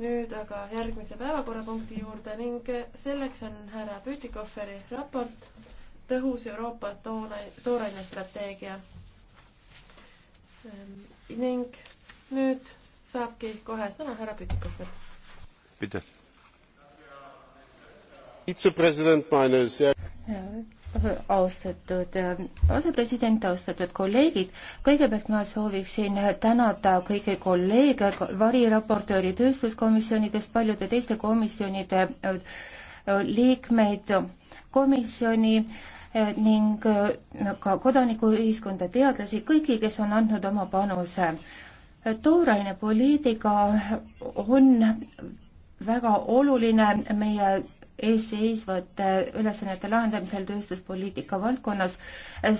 nüüd aga järgmise päevakorrapunkti juurde ning selleks on härra Pütikoferi raport Tõhus Euroopa tooraine strateegia. Ehm, ning nüüd saabki kohe sõna härra Pütikofer. aitäh austatud äh, asepresident, austatud kolleegid, kõigepealt ma sooviksin tänada kõiki kolleege, variraportööri tööstuskomisjonidest, paljude teiste komisjonide äh, liikmeid, komisjoni äh, ning ka kodanikuühiskonda, teadlasi, kõiki, kes on andnud oma panuse. tooraine poliitika on väga oluline meie eesseisvate ülesannete lahendamisel tööstuspoliitika valdkonnas.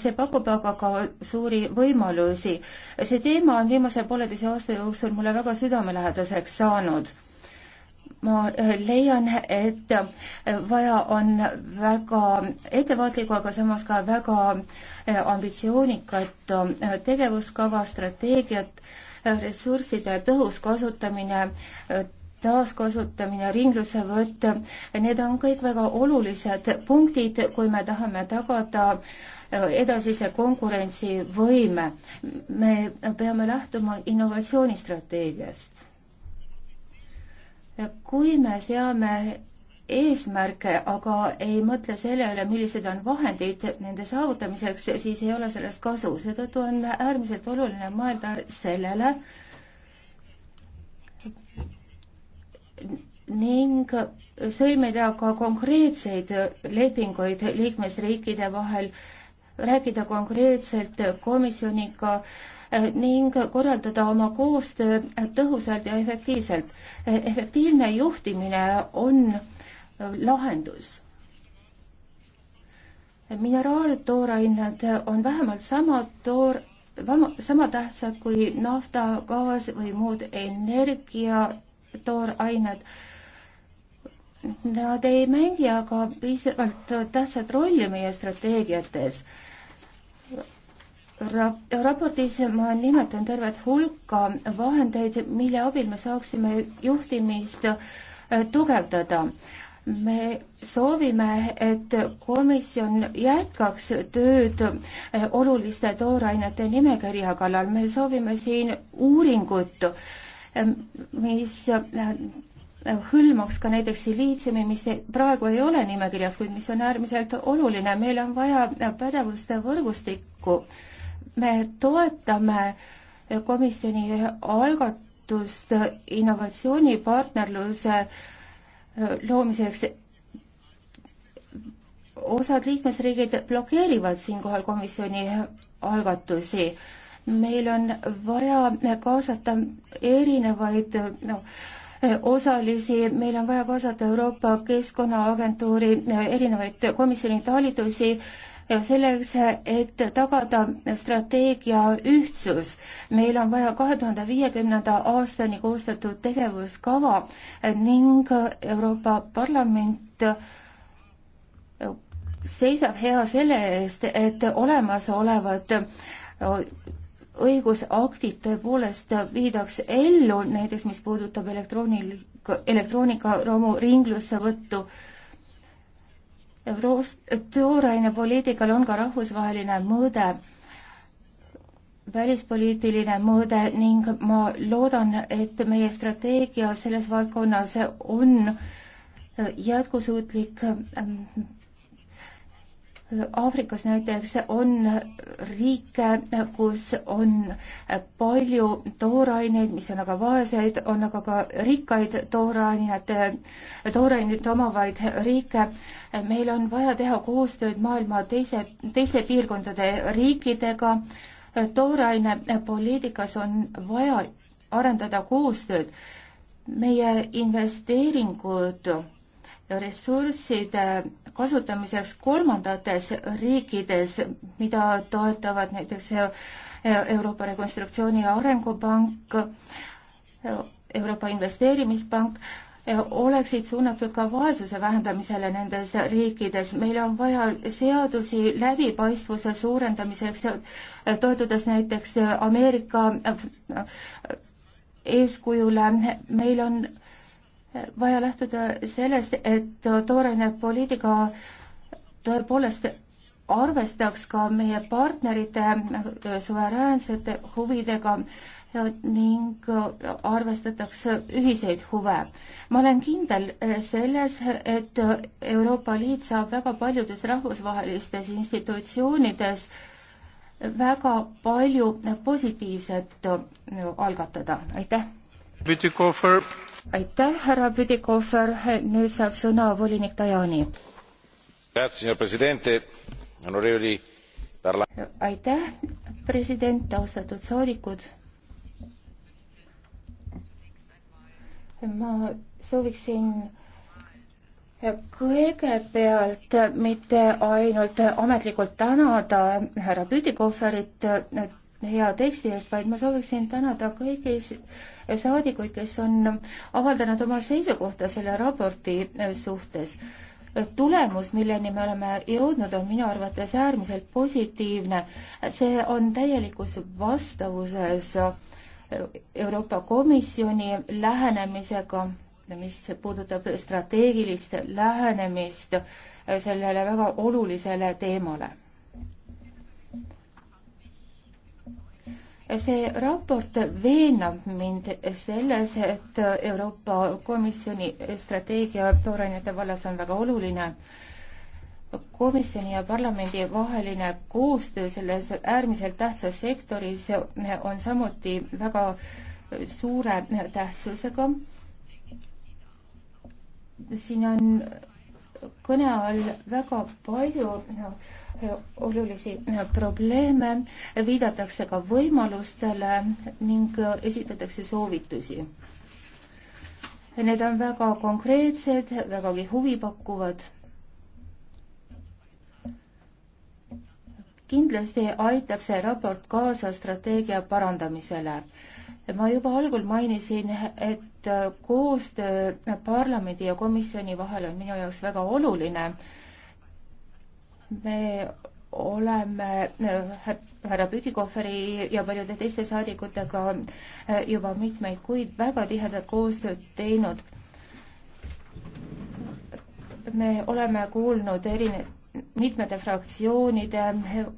see pakub aga ka suuri võimalusi. see teema on viimase pooleteise aasta jooksul mulle väga südamelähedaseks saanud ma leian, et vaja on väga ettevaatlikku, aga samas ka väga ambitsioonikat tegevuskava, strateegiat, ressursside tõhus kasutamine, taaskasutamine, ringlussevõtt, need on kõik väga olulised punktid, kui me tahame tagada äh, edasise konkurentsivõime. me peame lähtuma innovatsioonistrateegiast. kui me seame eesmärke, aga ei mõtle selle üle, millised on vahendid nende saavutamiseks, siis ei ole sellest kasu. seetõttu on äärmiselt oluline mõelda sellele, ning sõlmida ka konkreetseid lepinguid liikmesriikide vahel, rääkida konkreetselt komisjoniga eh, ning korraldada oma koostöö tõhusalt ja efektiivselt. Eh, efektiivne juhtimine on lahendus. mineraaltoorained on vähemalt sama toor, sama tähtsad kui nafta, gaas või muud energia toorained. Nad ei mängi aga piisavalt tähtsat rolli meie strateegiates Ra. raportis ma nimetan tervet hulka vahendeid, mille abil me saaksime juhtimist äh, tugevdada me soovime, et komisjon jätkaks tööd äh, oluliste toorainete nimekirja kallal, me soovime siin uuringut Ehm, mis äh, hõlmaks ka näiteks liitsiumi, mis praegu ei ole nimekirjas, kuid mis on äärmiselt oluline. meil on vaja äh, pädevuste võrgustikku. me toetame äh, komisjoni algatust innovatsioonipartnerluse loomiseks. osad liikmesriigid blokeerivad siinkohal komisjoni algatusi meil on vaja kaasata erinevaid noh, osalisi, meil on vaja kaasata Euroopa Keskkonnaagentuuri eh, erinevaid komisjoni talitusi eh, selleks, et tagada strateegia ühtsus. meil on vaja kahe tuhande viiekümnenda aastani koostatud tegevuskava eh, ning Euroopa Parlament seisab hea selle eest, et olemasolevad õigusaktid tõepoolest viidaks ellu, näiteks mis puudutab elektroonil-, elektroonikaromu ringlussevõttu. Euroos-, tooraine poliitikal on ka rahvusvaheline mõõde, välispoliitiline mõõde ning ma loodan, et meie strateegia selles valdkonnas on jätkusuutlik Aafrikas näiteks on riike, kus on palju tooraineid, mis on aga vaeseid, on aga ka rikkaid toorainete, toorainet omavaid riike. meil on vaja teha koostööd maailma teise, teiste piirkondade riikidega. toorainepoliitikas on vaja arendada koostööd. meie investeeringud ressursside kasutamiseks kolmandates riikides, mida toetavad näiteks Euroopa Rekonstruktsiooni ja Arengupank, Euroopa Investeerimispank, oleksid suunatud ka vaesuse vähendamisele nendes riikides. meil on vaja seadusi läbipaistvuse suurendamiseks, toetudes näiteks Ameerika eeskujule, meil on vaja lähtuda sellest, et toorene poliitika tõepoolest arvestaks ka meie partnerite suveräänsete huvidega ning arvestatakse ühiseid huve. ma olen kindel selles, et Euroopa Liit saab väga paljudes rahvusvahelistes institutsioonides väga palju positiivset algatada, aitäh! aitäh, härra Püdikohver, nüüd saab sõna volinik Tajani. aitäh, president, austatud saadikud. ma sooviksin kõigepealt mitte ainult ametlikult tänada härra Püdikohverit hea teksti eest, vaid ma sooviksin tänada kõiki saadikuid, kes on avaldanud oma seisukohta selle raporti äh, suhtes. Äh, tulemus, milleni me oleme jõudnud, on minu arvates äärmiselt positiivne. see on täielikus vastavuses äh, Euroopa Komisjoni lähenemisega, mis puudutab strateegilist lähenemist sellele väga olulisele teemale see raport veenab mind selles, et Euroopa Komisjoni strateegia toorainete vallas on väga oluline. komisjoni ja parlamendi vaheline koostöö selles äärmiselt tähtsas sektoris on samuti väga suure tähtsusega. siin on kõne all väga palju no, olulisi äh, probleeme, viidatakse ka võimalustele ning äh, esitatakse soovitusi. Need on väga konkreetsed, vägagi huvipakkuvad. kindlasti aitab see raport kaasa strateegia parandamisele ma juba algul mainisin, et äh, koostöö parlamendi ja komisjoni vahel on minu jaoks väga oluline me oleme äh, härra Püdikohveri ja paljude teiste saadikutega äh, juba mitmeid kuid väga tihedat koostööd teinud. me oleme kuulnud erine-, mitmete fraktsioonide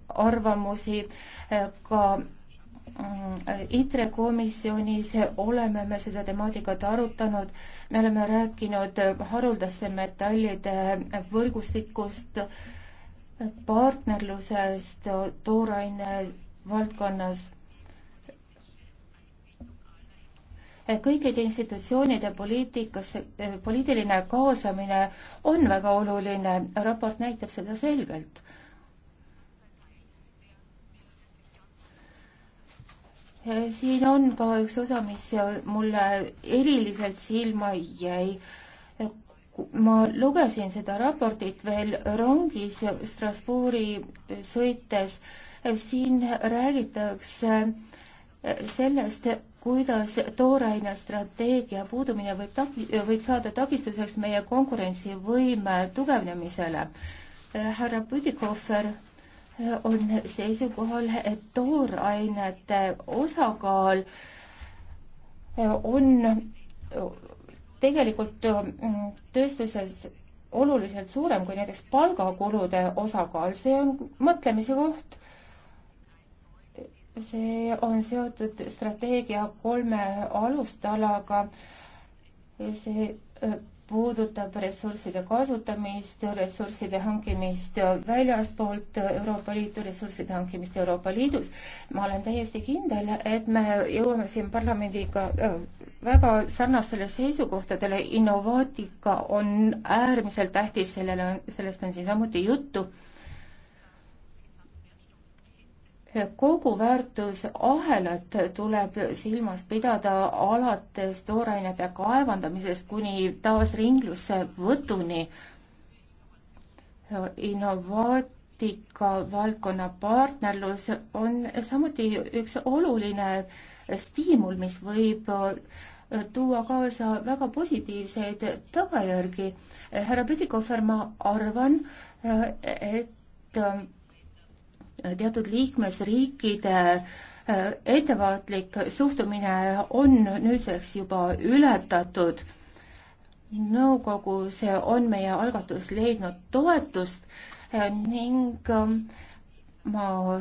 arvamusi, äh, ka ITRE komisjonis oleme me seda temaatikat arutanud, me oleme rääkinud haruldaste metallide võrgustikust, partnerlusest tooraine valdkonnas. kõikide institutsioonide poliitikas, eh, poliitiline kaasamine on väga oluline, raport näitab seda selgelt eh, siin on ka üks osa, mis mulle eriliselt silma jäi ma lugesin seda raportit veel rongis Strasbourgi sõites. siin räägitakse eh, sellest, kuidas tooraine strateegia puudumine võib tagi, võib saada takistuseks meie konkurentsivõime tugevnemisele. Eh, härra Püdikohver eh, on seisukohal, et toorainete osakaal on tegelikult äh, tööstuses oluliselt suurem kui näiteks palgakulude osakaal, see on mõtlemise koht. see on seotud strateegia kolme alustalaga. see äh, puudutab ressursside kasutamist, ressursside hankimist väljaspoolt Euroopa Liitu, ressursside hankimist Euroopa Liidus. ma olen täiesti kindel, et me jõuame siin parlamendiga äh, väga sarnastele seisukohtadele, innovaatika on äärmiselt tähtis, sellele, sellest on siin samuti juttu kogu väärtusahelat tuleb silmas pidada alates toorainete kaevandamisest kuni taasringlusse võtuni. innovaatika valdkonna partnerlus on samuti üks oluline stiimul, mis võib tuua kaasa väga positiivseid tagajärgi. härra Pütikohver, ma arvan, eh, et eh, teatud liikmesriikide eh, ettevaatlik suhtumine on nüüdseks juba ületatud. nõukogus on meie algatus leidnud toetust ning ma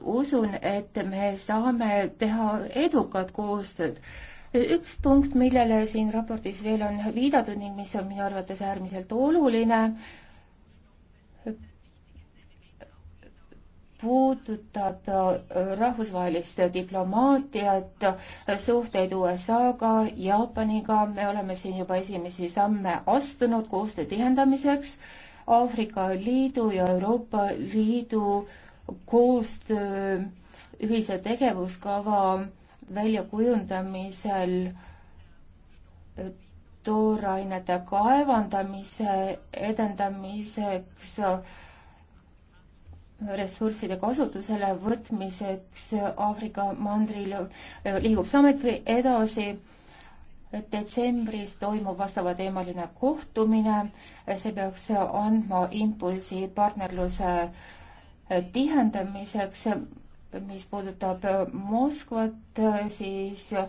usun, et me saame teha edukat koostööd üks punkt, millele siin raportis veel on viidatud ning mis on minu arvates äärmiselt oluline, puudutab rahvusvahelist diplomaatiat, suhteid USA-ga, Jaapaniga, me oleme siin juba esimesi samme astunud koostöö tihendamiseks. Aafrika Liidu ja Euroopa Liidu koostöö ühise tegevuskava väljakujundamisel toorainete kaevandamise edendamiseks, ressursside kasutusele võtmiseks Aafrika mandril eh, liigub samuti edasi. detsembris toimub vastavateemaline kohtumine, see peaks andma impulsi partnerluse tihendamiseks mis puudutab äh, Moskvat, äh, siis äh,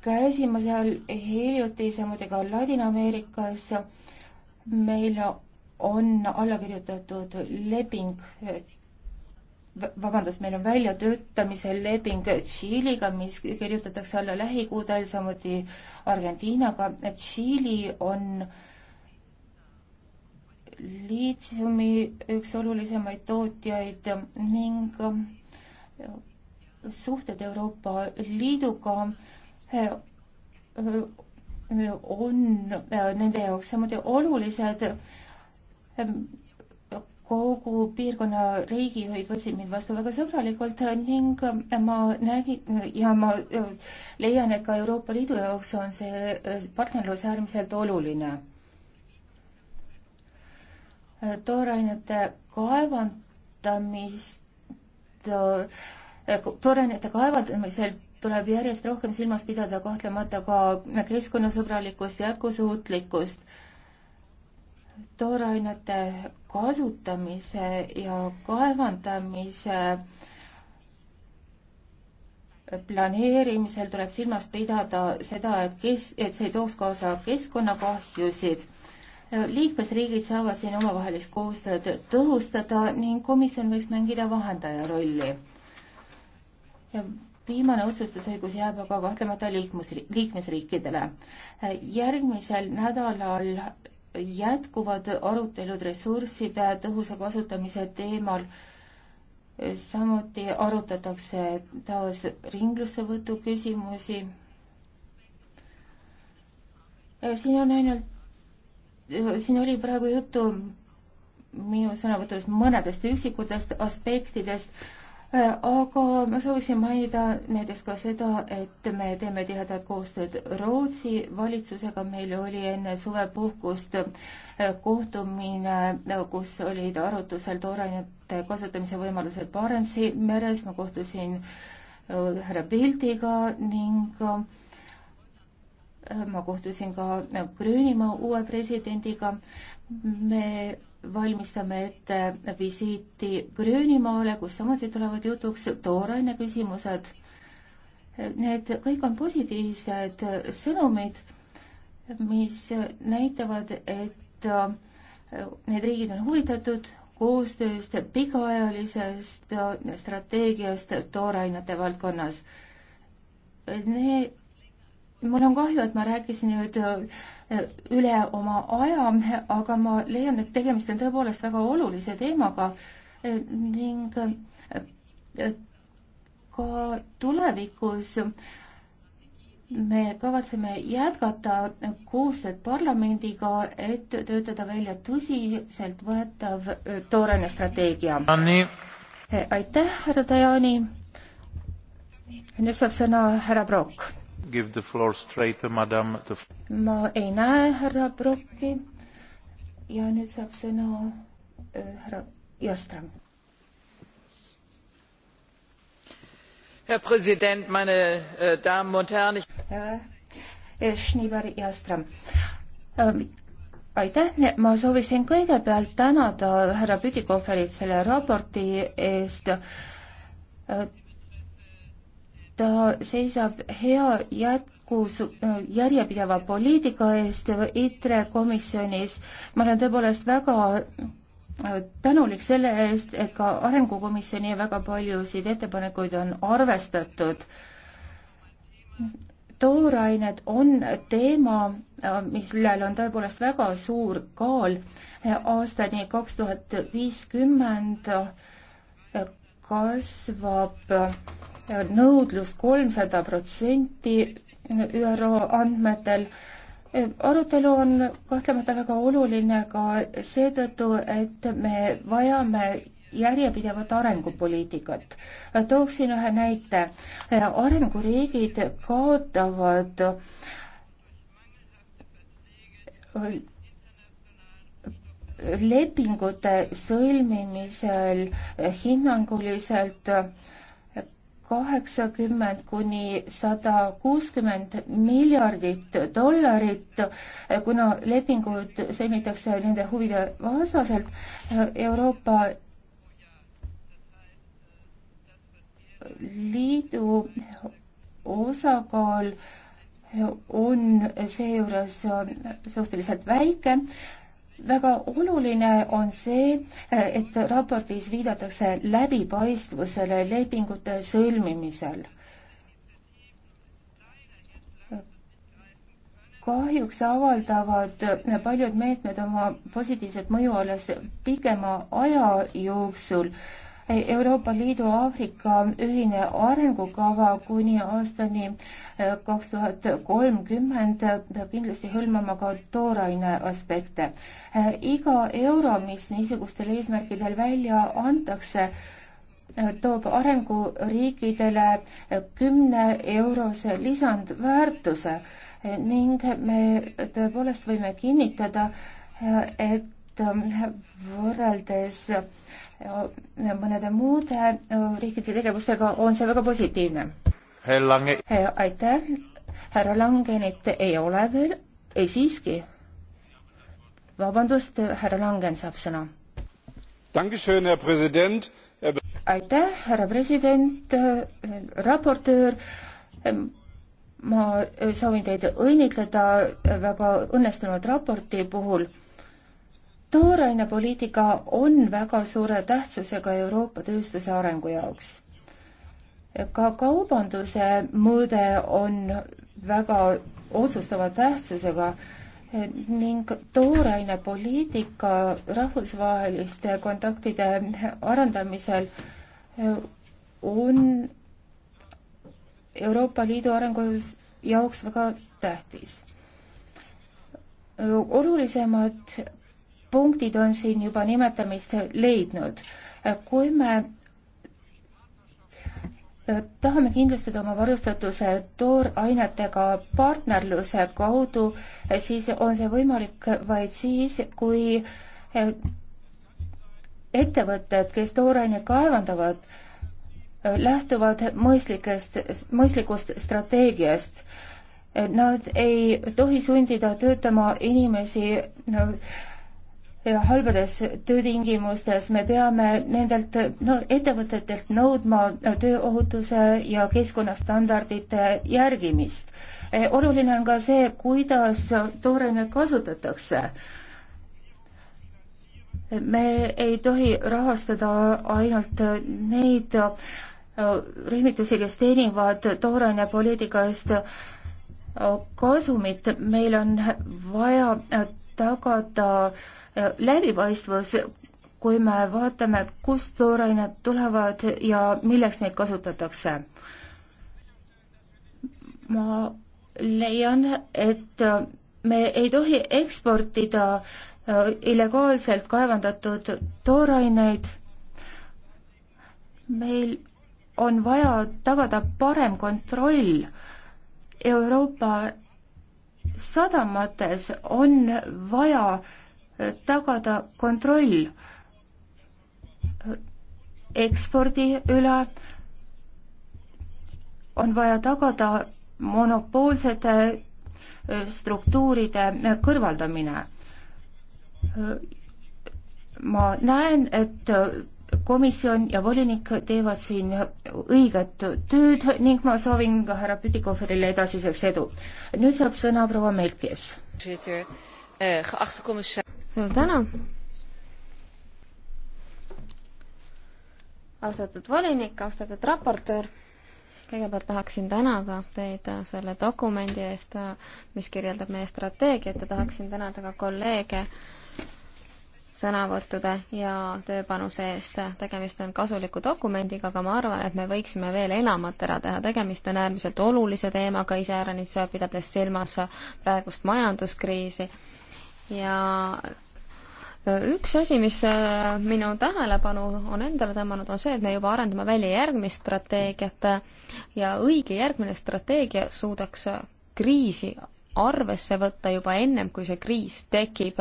käisime seal hiljuti, samuti ka Ladina-Ameerikas. meil on alla kirjutatud leping, vabandust, meil on väljatöötamise leping Tšiiliga, mis kirjutatakse alla lähikuudel, samuti Argentiinaga. Tšiili on äh, liitiumi üks olulisemaid tootjaid ning suhted Euroopa Liiduga eh, on nende jaoks samuti olulised. kogu piirkonna riigijuhid võtsid mind vastu väga sõbralikult ning ma nägin ja ma eh, leian, et ka Euroopa Liidu jaoks on see eh, partnerlus äärmiselt oluline toorainete kaevandamist, toorainete kaevandamisel tuleb järjest rohkem silmas pidada kahtlemata ka keskkonnasõbralikkust, jätkusuutlikkust, toorainete kasutamise ja kaevandamise planeerimisel tuleb silmas pidada seda, et kes, et see ei tooks kaasa keskkonnakahjusid liikmesriigid saavad siin omavahelist koostööd tõhustada ning komisjon võiks mängida vahendaja rolli. viimane otsustusõigus jääb aga kahtlemata liikmes, liikmesriikidele. järgmisel nädalal jätkuvad arutelud ressursside tõhusa kasutamise teemal samuti arutatakse taas ringlussevõtu küsimusi. siin on ainult siin oli praegu juttu minu sõnavõtus mõnedest üksikutest aspektidest, aga ma sooviksin mainida näiteks ka seda, et me teeme tihedat koostööd Rootsi valitsusega, meil oli enne suvepuhkust kohtumine, kus olid arutusel toorainete kasutamise võimalused Barentsi meres, ma kohtusin härra Pildiga ning ma kohtusin ka Gröönimaa uue presidendiga. me valmistame ette visiiti Gröönimaale, kus samuti tulevad jutuks tooraine küsimused. Need kõik on positiivsed sõnumid, mis näitavad, et äh, need riigid on huvitatud koostööst, pikaajalisest äh, strateegiast toorainete valdkonnas. Need mul on kahju, et ma rääkisin nüüd äh, üle oma aja, aga ma leian, et tegemist on tõepoolest väga olulise teemaga äh, ning äh, ka tulevikus me kavatseme jätkata koostööd parlamendiga, et töötada välja tõsiseltvõetav toorene strateegia. aitäh, härra Tajani. nüüd saab sõna härra Brock give the floor straight to madam to... ma ei näe härra Brocki ja nüüd saab sõna äh, härra Jastram. Herr Präsident, meine äh, Damen und Herren. Ich ja, äh, äh, Schneebar Jastram. Ähm, aitäh, ma soovisin kõigepealt tänada härra Püdikohverit selle raporti eest äh, ta seisab hea jätkus järjepideva poliitika eest ITRE komisjonis. ma olen tõepoolest väga äh, tänulik selle eest, et ka Arengukomisjoni väga paljusid ettepanekuid on arvestatud. toorained on teema, äh, millel on tõepoolest väga suur kaal. aastani kaks tuhat viiskümmend äh, kasvab nõudlus kolmsada protsenti ÜRO andmetel. arutelu on kahtlemata väga oluline ka seetõttu, et me vajame järjepidevat arengupoliitikat. tooksin ühe näite. arenguriigid kaotavad lepingute sõlmimisel hinnanguliselt kaheksakümmend kuni sada kuuskümmend miljardit dollarit, kuna lepingud sõlmitakse nende huvide vastaselt. Euroopa Liidu osakaal on seejuures suhteliselt väike väga oluline on see, et raportis viidatakse läbipaistvusele lepingute sõlmimisel. kahjuks avaldavad paljud meetmed oma positiivset mõju alles pikema aja jooksul Euroopa Liidu Aafrika ühine arengukava kuni aastani äh, kaks tuhat kolmkümmend peab kindlasti hõlmama ka tooraine aspekte. Äh, iga euro, mis niisugustel eesmärkidel välja antakse, äh, toob arenguriikidele kümne eurose lisandväärtuse ning me tõepoolest võime kinnitada, et võrreldes mõnede muude äh, riikide tegevustega on see väga positiivne. aitäh, härra Langenit ei ole veel, ei siiski. vabandust, härra Langen saab sõna. aitäh, härra president, äh, raportöör ma soovin teid õnnitleda väga õnnestunud raporti puhul toorainepoliitika on väga suure tähtsusega Euroopa tööstuse arengu jaoks. ka kaubanduse mõõde on väga otsustava tähtsusega ning toorainepoliitika rahvusvaheliste kontaktide arendamisel on Euroopa Liidu arengu jaoks väga tähtis. olulisemad punktid on siin juba nimetamist leidnud. kui me äh, tahame kindlustada oma varustatuse toorainetega partnerluse kaudu, äh, siis on see võimalik vaid siis, kui äh, ettevõtted, kes toorainet kaevandavad, lähtuvad mõistlikest, mõistlikust strateegiast. Nad ei tohi sundida töötama inimesi no, halbades töötingimustes, me peame nendelt no, ettevõtetelt nõudma tööohutuse ja keskkonnastandardite järgimist. E, oluline on ka see, kuidas toorainet kasutatakse. me ei tohi rahastada ainult neid e, rühmitusi, kes teenivad tooraine poliitika eest e, kasumit, meil on vaja tagada äh, Äh, läbipaistvus, kui me vaatame, kust toorained tulevad ja milleks neid kasutatakse. ma leian, et äh, me ei tohi eksportida äh, illegaalselt kaevandatud tooraineid. meil on vaja tagada parem kontroll. Euroopa sadamates on vaja äh, tagada kontroll äh, ekspordi üle, on vaja tagada monopoolsete äh, struktuuride kõrvaldamine. Äh, ma näen, et komisjon ja volinik teevad siin õiget tööd ning ma soovin ka härra Pütikoferile edasiseks edu. nüüd saab sõna proua Melkis suur tänu. austatud volinik, austatud raportöör kõigepealt tahaksin tänada teid selle dokumendi eest, mis kirjeldab meie strateegiat ja tahaksin tänada ka kolleege sõnavõttude ja tööpanuse eest. tegemist on kasuliku dokumendiga, aga ma arvan, et me võiksime veel enamat ära teha. tegemist on äärmiselt olulise teemaga, iseäranis pidades silmas praegust majanduskriisi ja üks asi, mis minu tähelepanu on endale tõmmanud, on see, et me juba arendame välja järgmist strateegiat ja õige järgmine strateegia suudaks kriisi arvesse võtta juba ennem, kui see kriis tekib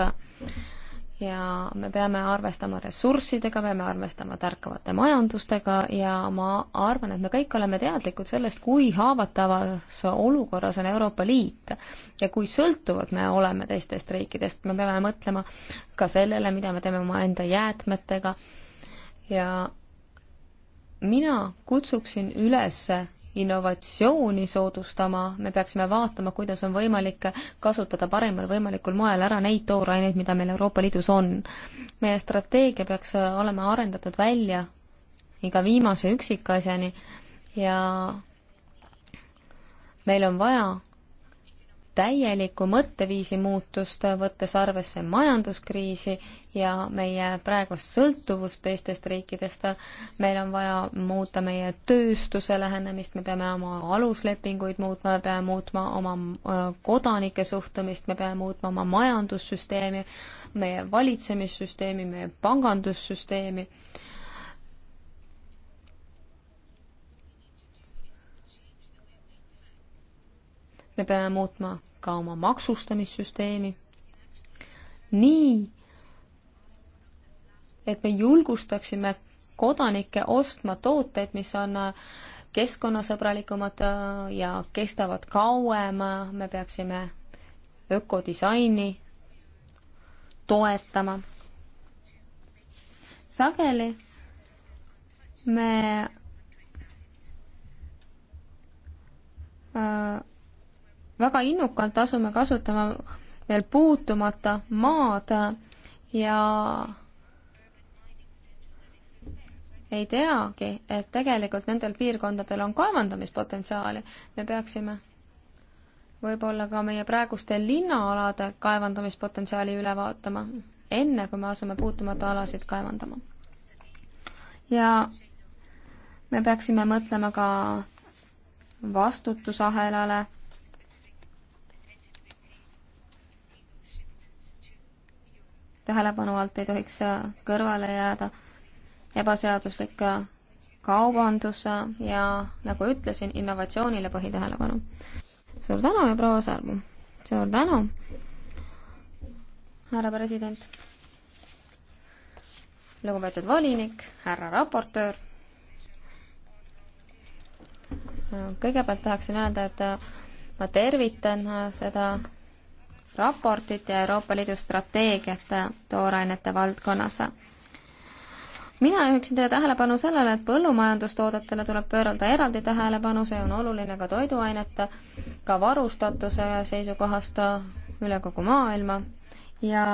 ja me peame arvestama ressurssidega, peame arvestama tärkavate majandustega ja ma arvan, et me kõik oleme teadlikud sellest, kui haavatavas olukorras on Euroopa Liit ja kui sõltuvad me oleme teistest riikidest, me peame mõtlema ka sellele, mida me teeme omaenda jäätmetega ja mina kutsuksin üles innovatsiooni soodustama, me peaksime vaatama, kuidas on võimalik kasutada parimal võimalikul moel ära neid tooraineid, mida meil Euroopa Liidus on. meie strateegia peaks olema arendatud välja iga viimase üksikasjani ja meil on vaja täielikku mõtteviisi muutust, võttes arvesse majanduskriisi ja meie praegust sõltuvust teistest riikidest. meil on vaja muuta meie tööstuse lähenemist, me peame oma aluslepinguid muutma, me peame muutma oma kodanike suhtumist, me peame muutma oma majandussüsteemi, meie valitsemissüsteemi, meie pangandussüsteemi me peame muutma ka oma maksustamissüsteemi nii, et me julgustaksime kodanikke ostma tooteid, mis on keskkonnasõbralikumad ja kestavad kauem, me peaksime ökodisaini toetama. sageli me äh, väga innukalt asume kasutama veel puutumata maad ja ei teagi, et tegelikult nendel piirkondadel on kaevandamispotentsiaali. me peaksime võib-olla ka meie praeguste linnaalade kaevandamispotentsiaali üle vaatama, enne kui me asume puutumata alasid kaevandama. ja me peaksime mõtlema ka vastutusahelale tähelepanu alt ei tohiks äh, kõrvale jääda ebaseaduslik äh, kaubandus äh, ja nagu ütlesin, innovatsioonile põhitähelepanu. suur tänu ja proua Sarbu! suur tänu, härra president! lugupeetud volinik, härra raportöör! kõigepealt tahaksin öelda, et ma tervitan seda raportit ja Euroopa Liidu strateegiat toorainete valdkonnas. mina juhiksin teie tähelepanu sellele, et põllumajandustoodetele tuleb pöörata eraldi tähelepanu, see on oluline ka toiduainete, ka varustatuse seisukohast üle kogu maailma ja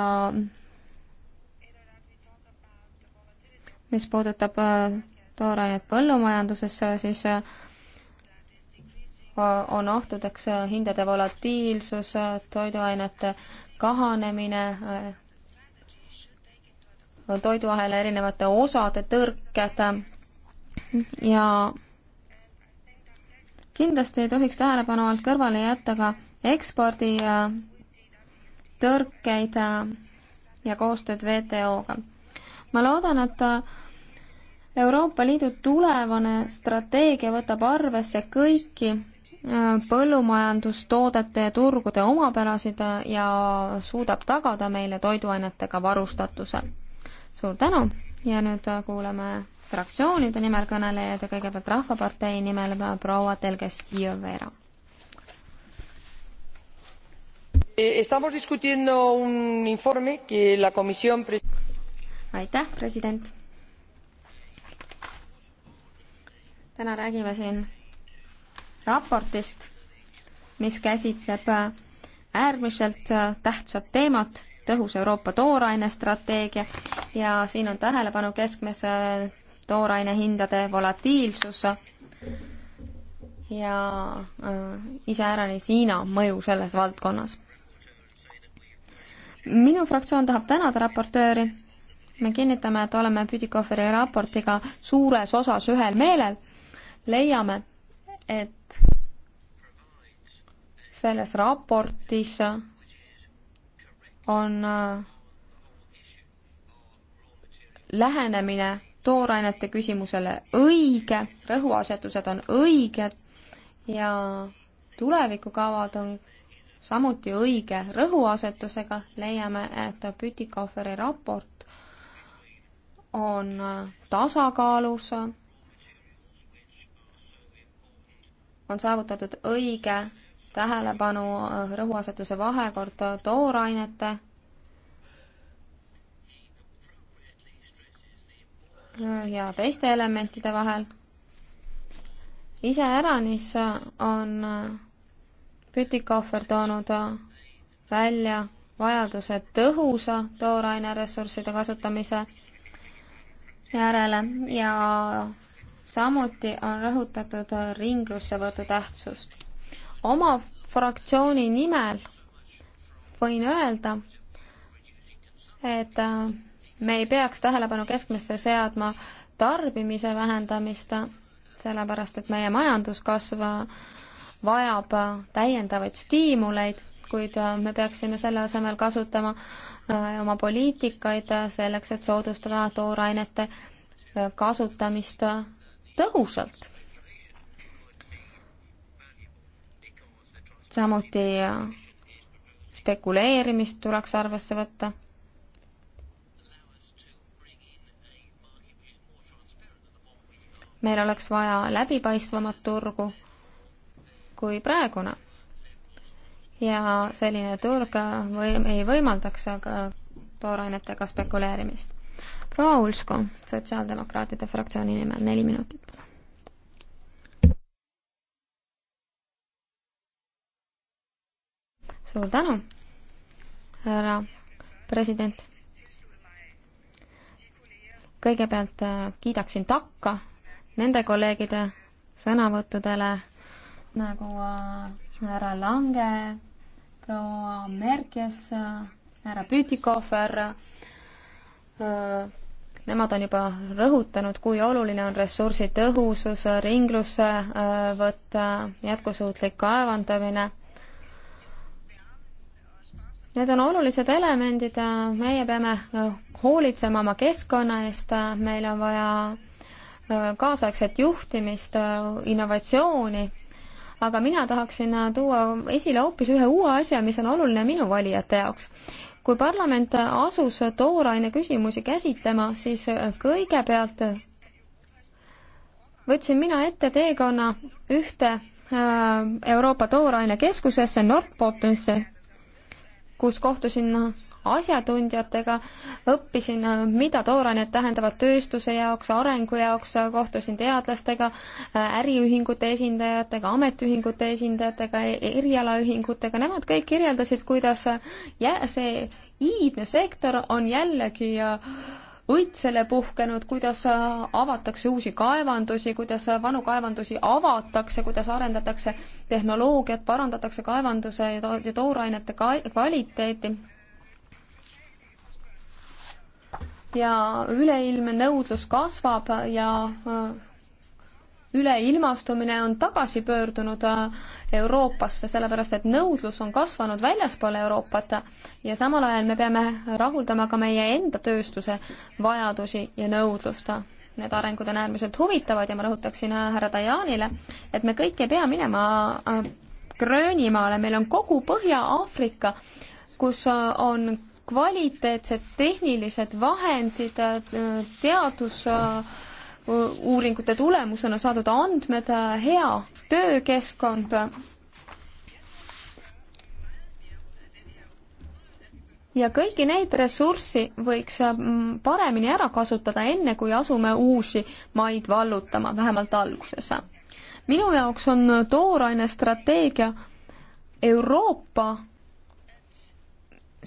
mis puudutab toorainet põllumajanduses, siis on ohtudeks hindade volatiilsus, toiduainete kahanemine, toiduahela erinevate osade tõrked ja kindlasti ei tohiks tähelepanu alt kõrvale jätta ka ekspordi äh, tõrkeid äh, ja koostööd WTO-ga. ma loodan, et äh, Euroopa Liidu tulevane strateegia võtab arvesse kõiki põllumajandustoodete ja turgude omapärasid ja suudab tagada meile toiduainetega varustatuse. suur tänu ja nüüd kuulame fraktsioonide nimel kõnelejad ja kõigepealt Rahvapartei nimel proua Telgest Jõvera. aitäh, president. täna räägime siin raportist, mis käsitleb äh, äärmiselt äh, tähtsat teemat, tõhus Euroopa toorainestrateegia ja siin on tähelepanu keskmes äh, tooraine hindade volatiilsus ja iseäranis Hiina mõju selles valdkonnas. minu fraktsioon tahab tänada raportööri, me kinnitame, et oleme Püdikoferi raportiga suures osas ühel meelel, leiame, et selles raportis on äh, lähenemine toorainete küsimusele õige, rõhuasetused on õiged ja tulevikukavad on samuti õige rõhuasetusega, leiame, et Pütikoferi raport on äh, tasakaalus, on saavutatud õige tähelepanu rõhuasetuse vahekord toorainete ja teiste elementide vahel. iseäranis on Pütikohver toonud välja vajaduse tõhusa tooraineressursside kasutamise järele ja samuti on rõhutatud ringlussevõtu tähtsust oma fraktsiooni nimel võin öelda, et äh, me ei peaks tähelepanu keskmesse seadma tarbimise vähendamist, sellepärast et meie majanduskasv äh, vajab äh, täiendavaid stiimuleid, kuid me peaksime selle asemel kasutama oma poliitikaid selleks, et soodustada toorainete kasutamist tõhusalt samuti spekuleerimist tuleks arvesse võtta. meil oleks vaja läbipaistvamat turgu kui praegune. ja selline turg või ei võimaldaks aga toorainetega spekuleerimist. proua Ulsku, Sotsiaaldemokraatide fraktsiooni nimel neli minutit, palun. suur tänu, härra president. kõigepealt äh, kiidaksin takka nende kolleegide sõnavõttudele nagu äh, härra Lange, proua Merkes, äh, härra Pütikofer. Nemad on juba rõhutanud, kui oluline on ressursi tõhusus, ringlusse võtta, jätkusuutlik kaevandamine Need on olulised elemendid, meie peame äh, hoolitsema oma keskkonna eest, meil on vaja äh, kaasaegset juhtimist, äh, innovatsiooni, aga mina tahaksin tuua esile hoopis ühe uue asja, mis on oluline minu valijate jaoks. kui parlament asus tooraine küsimusi käsitlema, siis kõigepealt võtsin mina ette teekonna ühte Euroopa Toorainekeskusesse Nordportisse kus kohtusin asjatundjatega, õppisin, mida toorained tähendavad tööstuse jaoks, arengu jaoks, kohtusin teadlastega, äriühingute esindajatega, ametiühingute esindajatega, erialaühingutega, nemad kõik kirjeldasid, kuidas see iidne sektor on jällegi äh, õitsele puhkenud, kuidas avatakse uusi kaevandusi, kuidas vanu kaevandusi avatakse, kuidas arendatakse tehnoloogiat, parandatakse kaevanduse ja, to ja toorainete ka kvaliteeti. ja üleilmne nõudlus kasvab ja äh, üleilmastumine on tagasi pöördunud äh, Euroopasse, sellepärast et nõudlus on kasvanud väljaspool Euroopat ja samal ajal me peame rahuldama ka meie enda tööstuse vajadusi ja nõudlust. Need arengud on äärmiselt huvitavad ja ma rõhutaksin äh, härra Dajanile, et me kõik ei pea minema äh, Gröönimaale, meil on kogu Põhja-Aafrika, kus on kvaliteetsed tehnilised vahendid, teadus äh, uuringute tulemusena saadud andmed, hea töökeskkond ja kõiki neid ressurssi võiks mm, paremini ära kasutada, enne kui asume uusi maid vallutama, vähemalt alguses. minu jaoks on tooraine strateegia Euroopa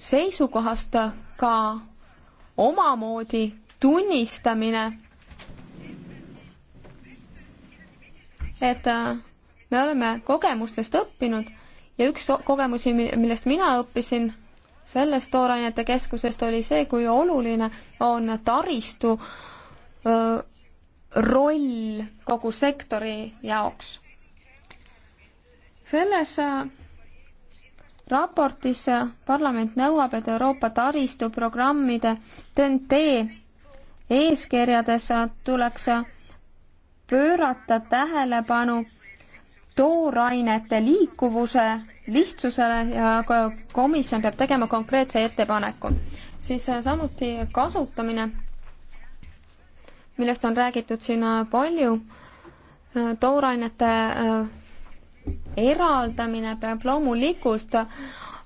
seisukohast ka omamoodi tunnistamine et äh, me oleme kogemustest õppinud ja üks kogemusi, millest mina õppisin sellest toorainete keskusest, oli see, kui oluline on taristu öö, roll kogu sektori jaoks. selles äh, raportis äh, parlament nõuab, et Euroopa taristuprogrammide TNT eeskirjades tuleks pöörata tähelepanu toorainete liikuvuse lihtsusele ja ka komisjon peab tegema konkreetse ettepaneku. siis äh, samuti kasutamine, millest on räägitud siin äh, palju, äh, toorainete eraldamine peab loomulikult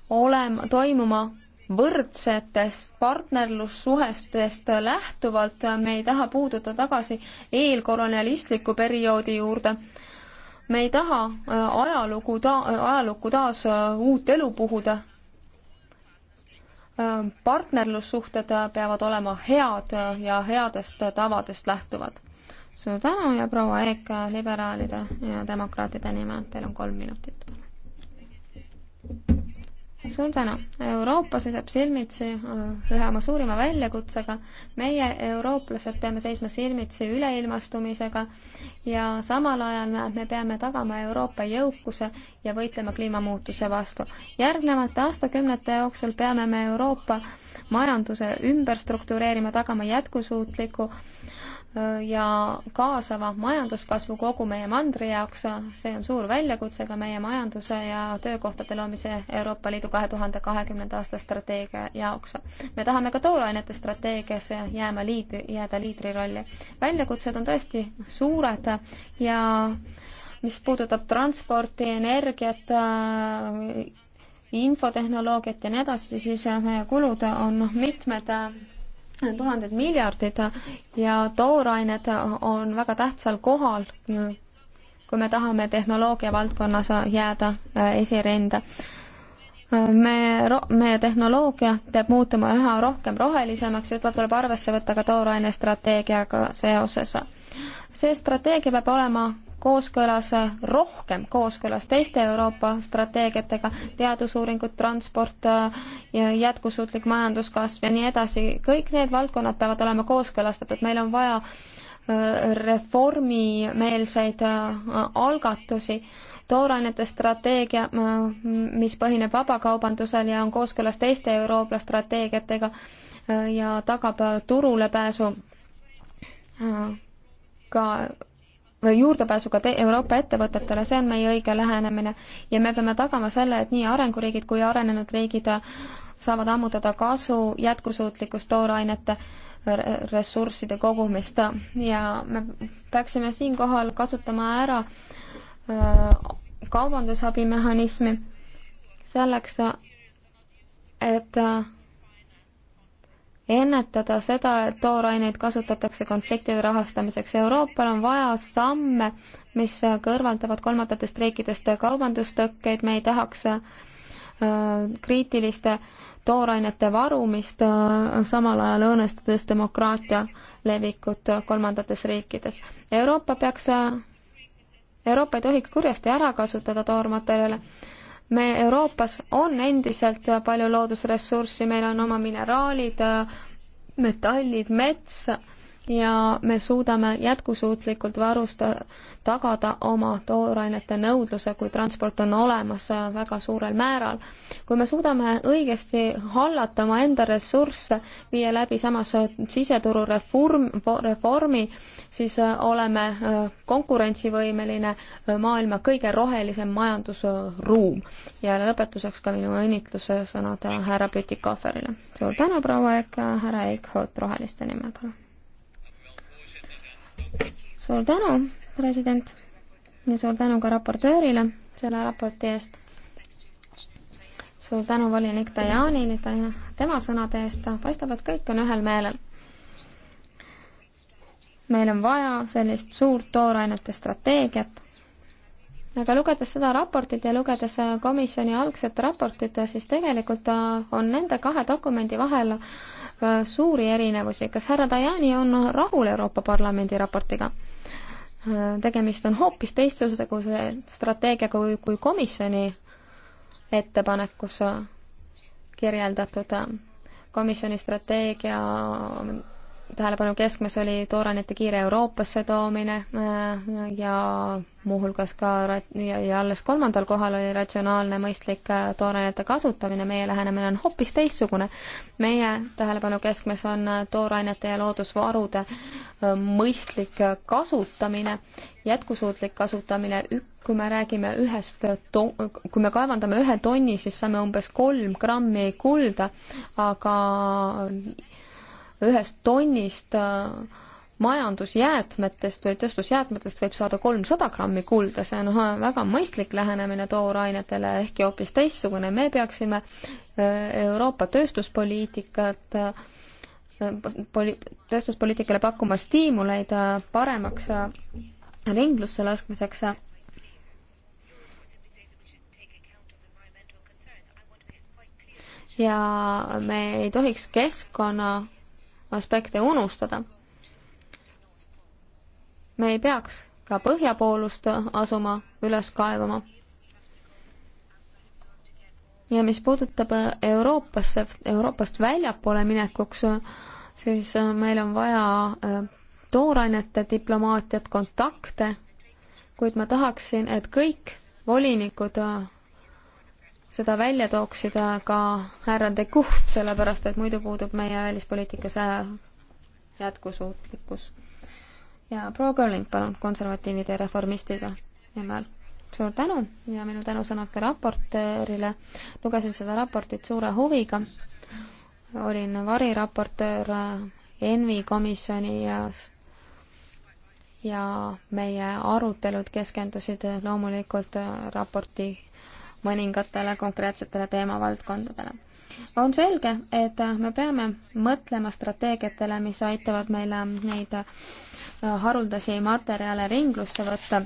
olema, toimuma võrdsetest partnerlussuhestest lähtuvalt, me ei taha puududa tagasi eelkolonialistliku perioodi juurde, me ei taha äh, ajalugu ta-, äh, ajalukku taas äh, uut elu puhuda, partnerlussuhted peavad olema head ja headest tavadest lähtuvad. suur tänu ja proua Eek liberaalide ja demokraatide nimel, teil on kolm minutit suur tänu. Euroopa seisab silmitsi äh, ühe oma suurima väljakutsega. meie, eurooplased, peame seisma silmitsi üleilmastumisega ja samal ajal me peame tagama Euroopa jõukuse ja võitlema kliimamuutuse vastu. järgnevate aastakümnete jooksul peame me Euroopa majanduse ümber struktureerima, tagama jätkusuutliku äh, ja kaasava majanduskasvu kogu meie mandri jaoks, see on suur väljakutse ka meie majanduse ja töökohtade loomise Euroopa Liidu kahe tuhande kahekümnenda aasta strateegia jaoks. me tahame ka toorainete strateegias jääma liid-, jääda liidri rolli. väljakutsed on tõesti suured ja mis puudutab transporti, energiat, infotehnoloogiat ja nii edasi, siis meie kulud on mitmed tuhanded miljardid ja toorained on väga tähtsal kohal, kui me tahame tehnoloogia valdkonnas jääda äh, esirinde me, meie tehnoloogia peab muutuma üha rohkem rohelisemaks ja seda tuleb arvesse võtta ka tooraine strateegiaga seoses. see strateegia peab olema kooskõlas, rohkem kooskõlas teiste Euroopa strateegiatega, teadusuuringud, transport, jätkusuutlik majanduskasv ja nii edasi, kõik need valdkonnad peavad olema kooskõlastatud, meil on vaja äh, reformimeelseid äh, algatusi, toorainete strateegia, mis põhineb vabakaubandusel ja on kooskõlas teiste Euroopa strateegiatega äh, ja tagab turule pääsu ka juurdepääsuga te Euroopa ettevõtetele, see on meie õige lähenemine. ja me peame tagama selle, et nii arenguriigid kui arenenud riigid saavad ammutada kasu jätkusuutlikust toorainete ressursside kogumist ja me peaksime siinkohal kasutama ära äh, kaubandusabi mehhanismi selleks, et äh, ennetada seda, et tooraineid kasutatakse konfliktide rahastamiseks. Euroopal on vaja samme, mis kõrvaldavad kolmandatest riikidest kaubandustõkkeid, me ei tahaks äh, kriitiliste toorainete varumist, äh, samal ajal õõnestades demokraatia levikut kolmandates riikides. Euroopa peaks, äh, Euroopa ei tohiks kurjasti ära kasutada toormaterjale me Euroopas on endiselt palju loodusressurssi, meil on oma mineraalid, metallid, mets ja me suudame jätkusuutlikult varusta, tagada oma toorainete nõudluse, kui transport on olemas äh, väga suurel määral. kui me suudame õigesti hallata omaenda ressursse, viia läbi samas äh, siseturu reform, reformi, siis äh, oleme konkurentsivõimeline maailma kõige rohelisem majandusruum. ja lõpetuseks ka minu õnnitluse sõnad härra Pütikoferile. suur tänu, proua Eek, härra Eek, Roheliste nimel, palun suur tänu, president, ja suur tänu ka raportöörile selle raporti eest. suur tänu volinik Dajanile tema sõnade eest, paistab, et kõik on ühel meelel. meil on vaja sellist suurt toorainete strateegiat, aga lugedes seda raportit ja lugedes komisjoni algset raportit, siis tegelikult äh, on nende kahe dokumendi vahel suuri erinevusi. kas härra Tajani on rahul Euroopa Parlamendi raportiga? tegemist on hoopis teistsuguse strateegia kui, kui komisjoni ettepanekus kirjeldatud. komisjoni strateegia tähelepanu keskmes oli toorainete kiire Euroopasse toomine äh, ja muuhulgas ka ja, ja alles kolmandal kohal oli ratsionaalne mõistlik äh, toorainete kasutamine, meie lähenemine on hoopis teistsugune. meie tähelepanu keskmes on äh, toorainete ja loodusvarude mõistlik kasutamine, jätkusuutlik kasutamine, kui me räägime ühest to-, kui me kaevandame ühe tonni, siis saame umbes kolm grammi kulda, aga ühest tonnist äh, majandusjäätmetest või tööstusjäätmetest võib saada kolmsada grammi kulda, see on äh, väga mõistlik lähenemine toorainetele, ehkki hoopis teistsugune, me peaksime äh, Euroopa tööstuspoliitikat poli-, tööstuspoliitikale pakkuma stiimuleid paremaks ringlusse laskmiseks ja me ei tohiks keskkonna aspekte unustada. me ei peaks ka põhjapoolust asuma üles kaevama. ja mis puudutab Euroopasse, Euroopast väljapoole minekuks, siis meil on vaja äh, toorainete diplomaatiat, kontakte, kuid ma tahaksin, et kõik volinikud äh, seda välja tooksid ka härra de Kuht, sellepärast et muidu puudub meie välispoliitikas äh, jätkusuutlikkus. ja proua Görling, palun, konservatiivide ja reformistide nimel suur tänu ja minu tänusõnad ka raportöörile. lugesin seda raportit suure huviga. olin variraportöör äh, ENVI komisjoni ja, ja meie arutelud keskendusid loomulikult äh, raporti mõningatele konkreetsetele teemavaldkondadele. on selge, et me peame mõtlema strateegiatele, mis aitavad meile neid haruldasi materjale ringlusse võtta,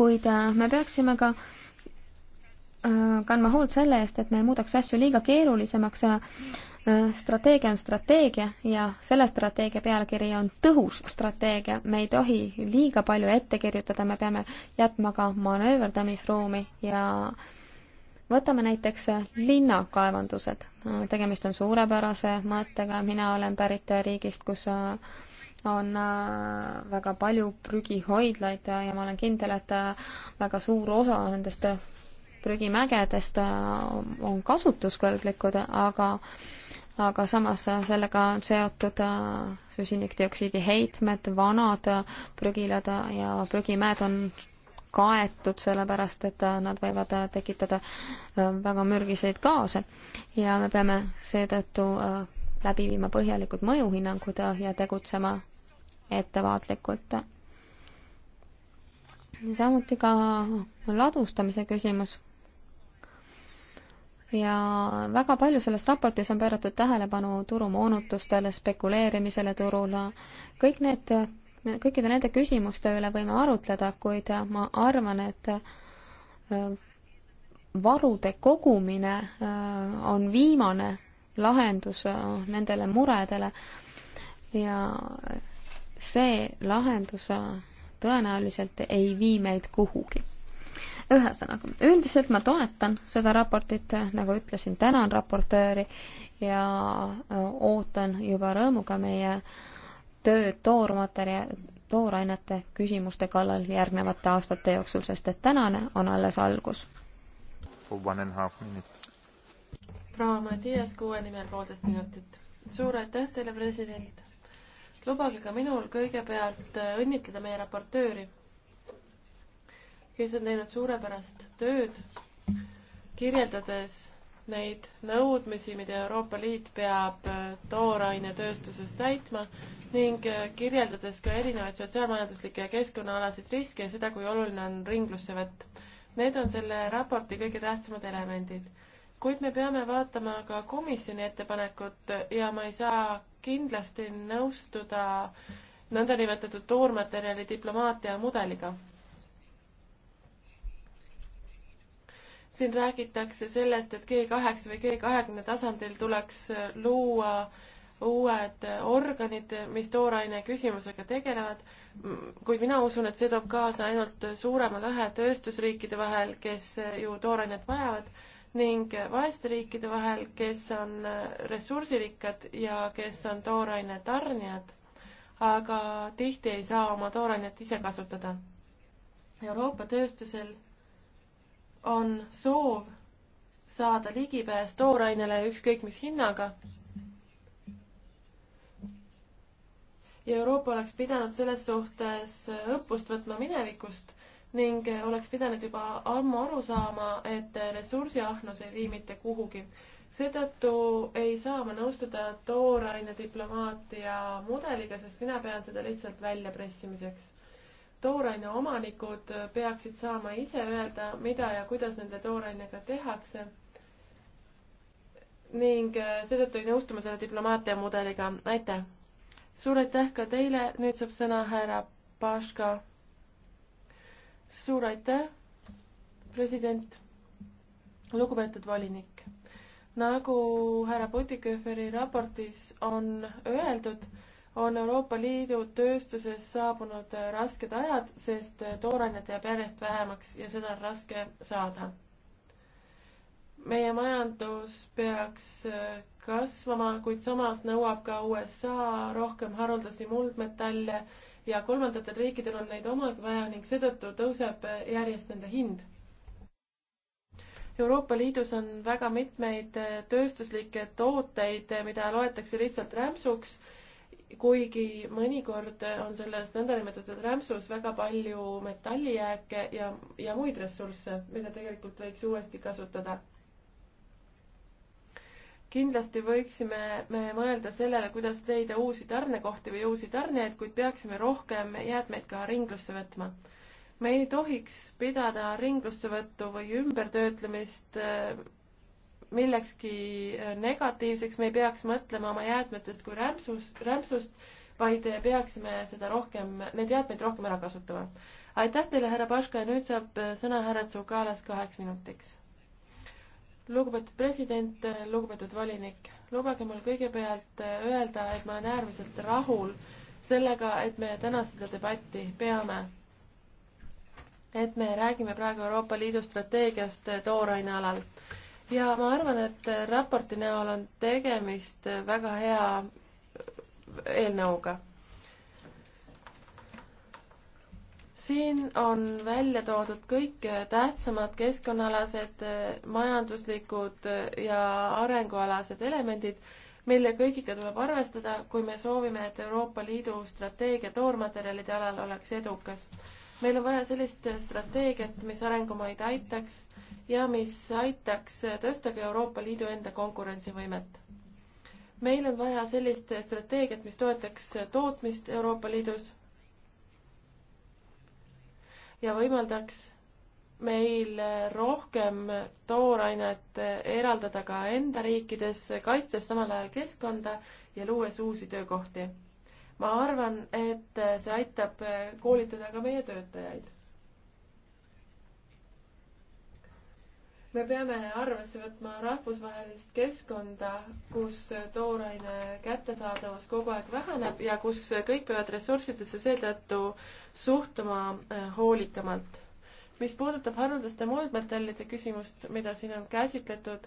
kuid me peaksime ka äh, kandma hoolt selle eest, et me ei muudaks asju liiga keerulisemaks strateegia on strateegia ja selle strateegia pealkiri on tõhus strateegia. me ei tohi liiga palju ette kirjutada, me peame jätma ka manööverdamisruumi ja äh, võtame näiteks äh, linnakaevandused. tegemist on suurepärase mõttega, mina olen pärit äh, riigist, kus äh, on väga palju prügihoidlaid ja ma olen kindel, et väga suur osa nendest prügimägedest on kasutuskõlblikud, aga aga samas sellega on seotud süsinikdioksiidi heitmed, vanad prügilad ja prügimäed on kaetud, sellepärast et äh, nad võivad äh, tekitada äh, väga mürgiseid gaase ja me peame seetõttu läbi viima põhjalikud mõjuhinnangud ja tegutsema ettevaatlikult. samuti ka ladustamise küsimus. ja väga palju selles raportis on pööratud tähelepanu turumoonutustele, spekuleerimisele turul, kõik need kõikide nende küsimuste üle võime arutleda, kuid ma arvan, et äh, varude kogumine äh, on viimane lahendus äh, nendele muredele ja see lahendus tõenäoliselt ei vii meid kuhugi. ühesõnaga, üldiselt ma toetan seda raportit, nagu ütlesin, tänan raportööri ja ootan juba rõõmuga meie äh, tööd toormaterja-, toorainete küsimuste kallal järgnevate aastate jooksul, sest et tänane on alles algus. proua Mattias Kuue nimel poolteist minutit. suur aitäh teile, president! lubage ka minul kõigepealt äh, õnnitleda meie raportööri, kes on teinud suurepärast tööd, kirjeldades neid nõudmisi, mida Euroopa Liit peab äh, toorainetööstuses täitma ning äh, kirjeldades ka erinevaid sotsiaalmajanduslikke ja keskkonnaalaseid riske ja seda, kui oluline on ringlusse vett. Need on selle raporti kõige tähtsamad elemendid. kuid me peame vaatama ka komisjoni ettepanekut ja ma ei saa kindlasti nõustuda nõndanimetatud toormaterjali diplomaatia mudeliga siin räägitakse sellest, et G8 või G20 tasandil tuleks äh, luua uued äh, organid, mis tooraine küsimusega tegelevad, kuid mina usun, et see toob kaasa ainult suurema lõhe tööstusriikide vahel, kes äh, ju toorainet vajavad, ning vaeste riikide vahel, kes on ressursirikkad ja kes on tooraine tarnijad, aga tihti ei saa oma toorainet ise kasutada. Euroopa tööstusel on soov saada ligipääs toorainele ükskõik mis hinnaga. ja Euroopa oleks pidanud selles suhtes õppust võtma minevikust ning oleks pidanud juba ammu aru saama, et ressursiahnus ei vii mitte kuhugi. seetõttu ei saa ma nõustuda tooraine diplomaatia mudeliga, sest mina pean seda lihtsalt väljapressimiseks tooraine omanikud peaksid saama ise öelda, mida ja kuidas nende toorainega tehakse. ning äh, seetõttu ei nõustu ma selle diplomaatia mudeliga, aitäh. suur aitäh ka teile, nüüd saab sõna härra Paška. suur aitäh, president, lugupeetud volinik. nagu härra Putiköferi raportis on öeldud on Euroopa Liidu tööstuses saabunud äh, rasked ajad, sest äh, toorainet jääb järjest vähemaks ja seda on raske saada. meie majandus peaks äh, kasvama, kuid samas nõuab ka USA rohkem haruldasi muldmetalle ja kolmandatel riikidel on neid omagi vaja ning seetõttu tõuseb järjest nende hind Euroopa Liidus on väga mitmeid tööstuslikke tooteid, mida loetakse lihtsalt rämpsuks kuigi mõnikord on selles nõndanimetatud rämpsus väga palju metallijääke ja, ja muid ressursse, mida tegelikult võiks uuesti kasutada. kindlasti võiksime me mõelda sellele, kuidas leida uusi tarnekohti või uusi tarnijaid, kuid peaksime rohkem jäätmeid ka ringlusse võtma. me ei tohiks pidada ringlussevõttu või ümbertöötlemist millekski äh, negatiivseks, me ei peaks mõtlema oma jäätmetest kui rämpsust, rämpsust, vaid peaksime seda rohkem, neid jäätmeid rohkem ära kasutama. aitäh teile, härra Paška, ja nüüd saab äh, sõna härra Tsukalas kaheks minutiks. lugupeetud president, äh, lugupeetud volinik, lubage mul kõigepealt öelda, et ma olen äärmiselt rahul sellega, et me täna seda debatti peame. et me räägime praegu Euroopa Liidu strateegiast tooraine alal ja ma arvan, et raporti näol on tegemist väga hea eelnõuga. siin on välja toodud kõik tähtsamad keskkonnaalased, majanduslikud ja arengualased elemendid, mille kõigiga tuleb arvestada, kui me soovime, et Euroopa Liidu strateegia toormaterjalide alal oleks edukas. meil on vaja sellist strateegiat, mis arengumaid aitaks ja mis aitaks tõsta ka Euroopa Liidu enda konkurentsivõimet. meil on vaja sellist strateegiat, mis toetaks tootmist Euroopa Liidus ja võimaldaks meil rohkem toorainet eraldada ka enda riikides, kaitstes samal ajal keskkonda ja luues uusi töökohti. ma arvan, et see aitab koolitada ka meie töötajaid me peame arvesse võtma rahvusvahelist keskkonda, kus tooraine kättesaadavus kogu aeg väheneb ja kus kõik peavad ressurssidesse seetõttu suhtuma äh, hoolikamalt. mis puudutab haruldaste muldmetallide küsimust, mida siin on käsitletud,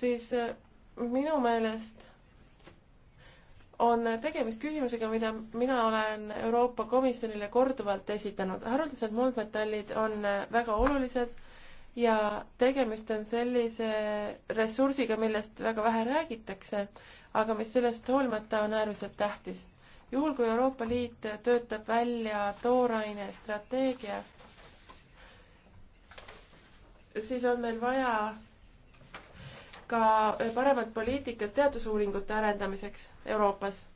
siis äh, minu meelest on tegemist küsimusega, mida mina olen Euroopa Komisjonile korduvalt esitanud. haruldased muldmetallid on äh, väga olulised ja tegemist on sellise ressursiga, millest väga vähe räägitakse, aga mis sellest hoolimata on äärmiselt tähtis. juhul, kui Euroopa Liit töötab välja tooraine strateegia, siis on meil vaja ka paremat poliitikat teadusuuringute arendamiseks Euroopas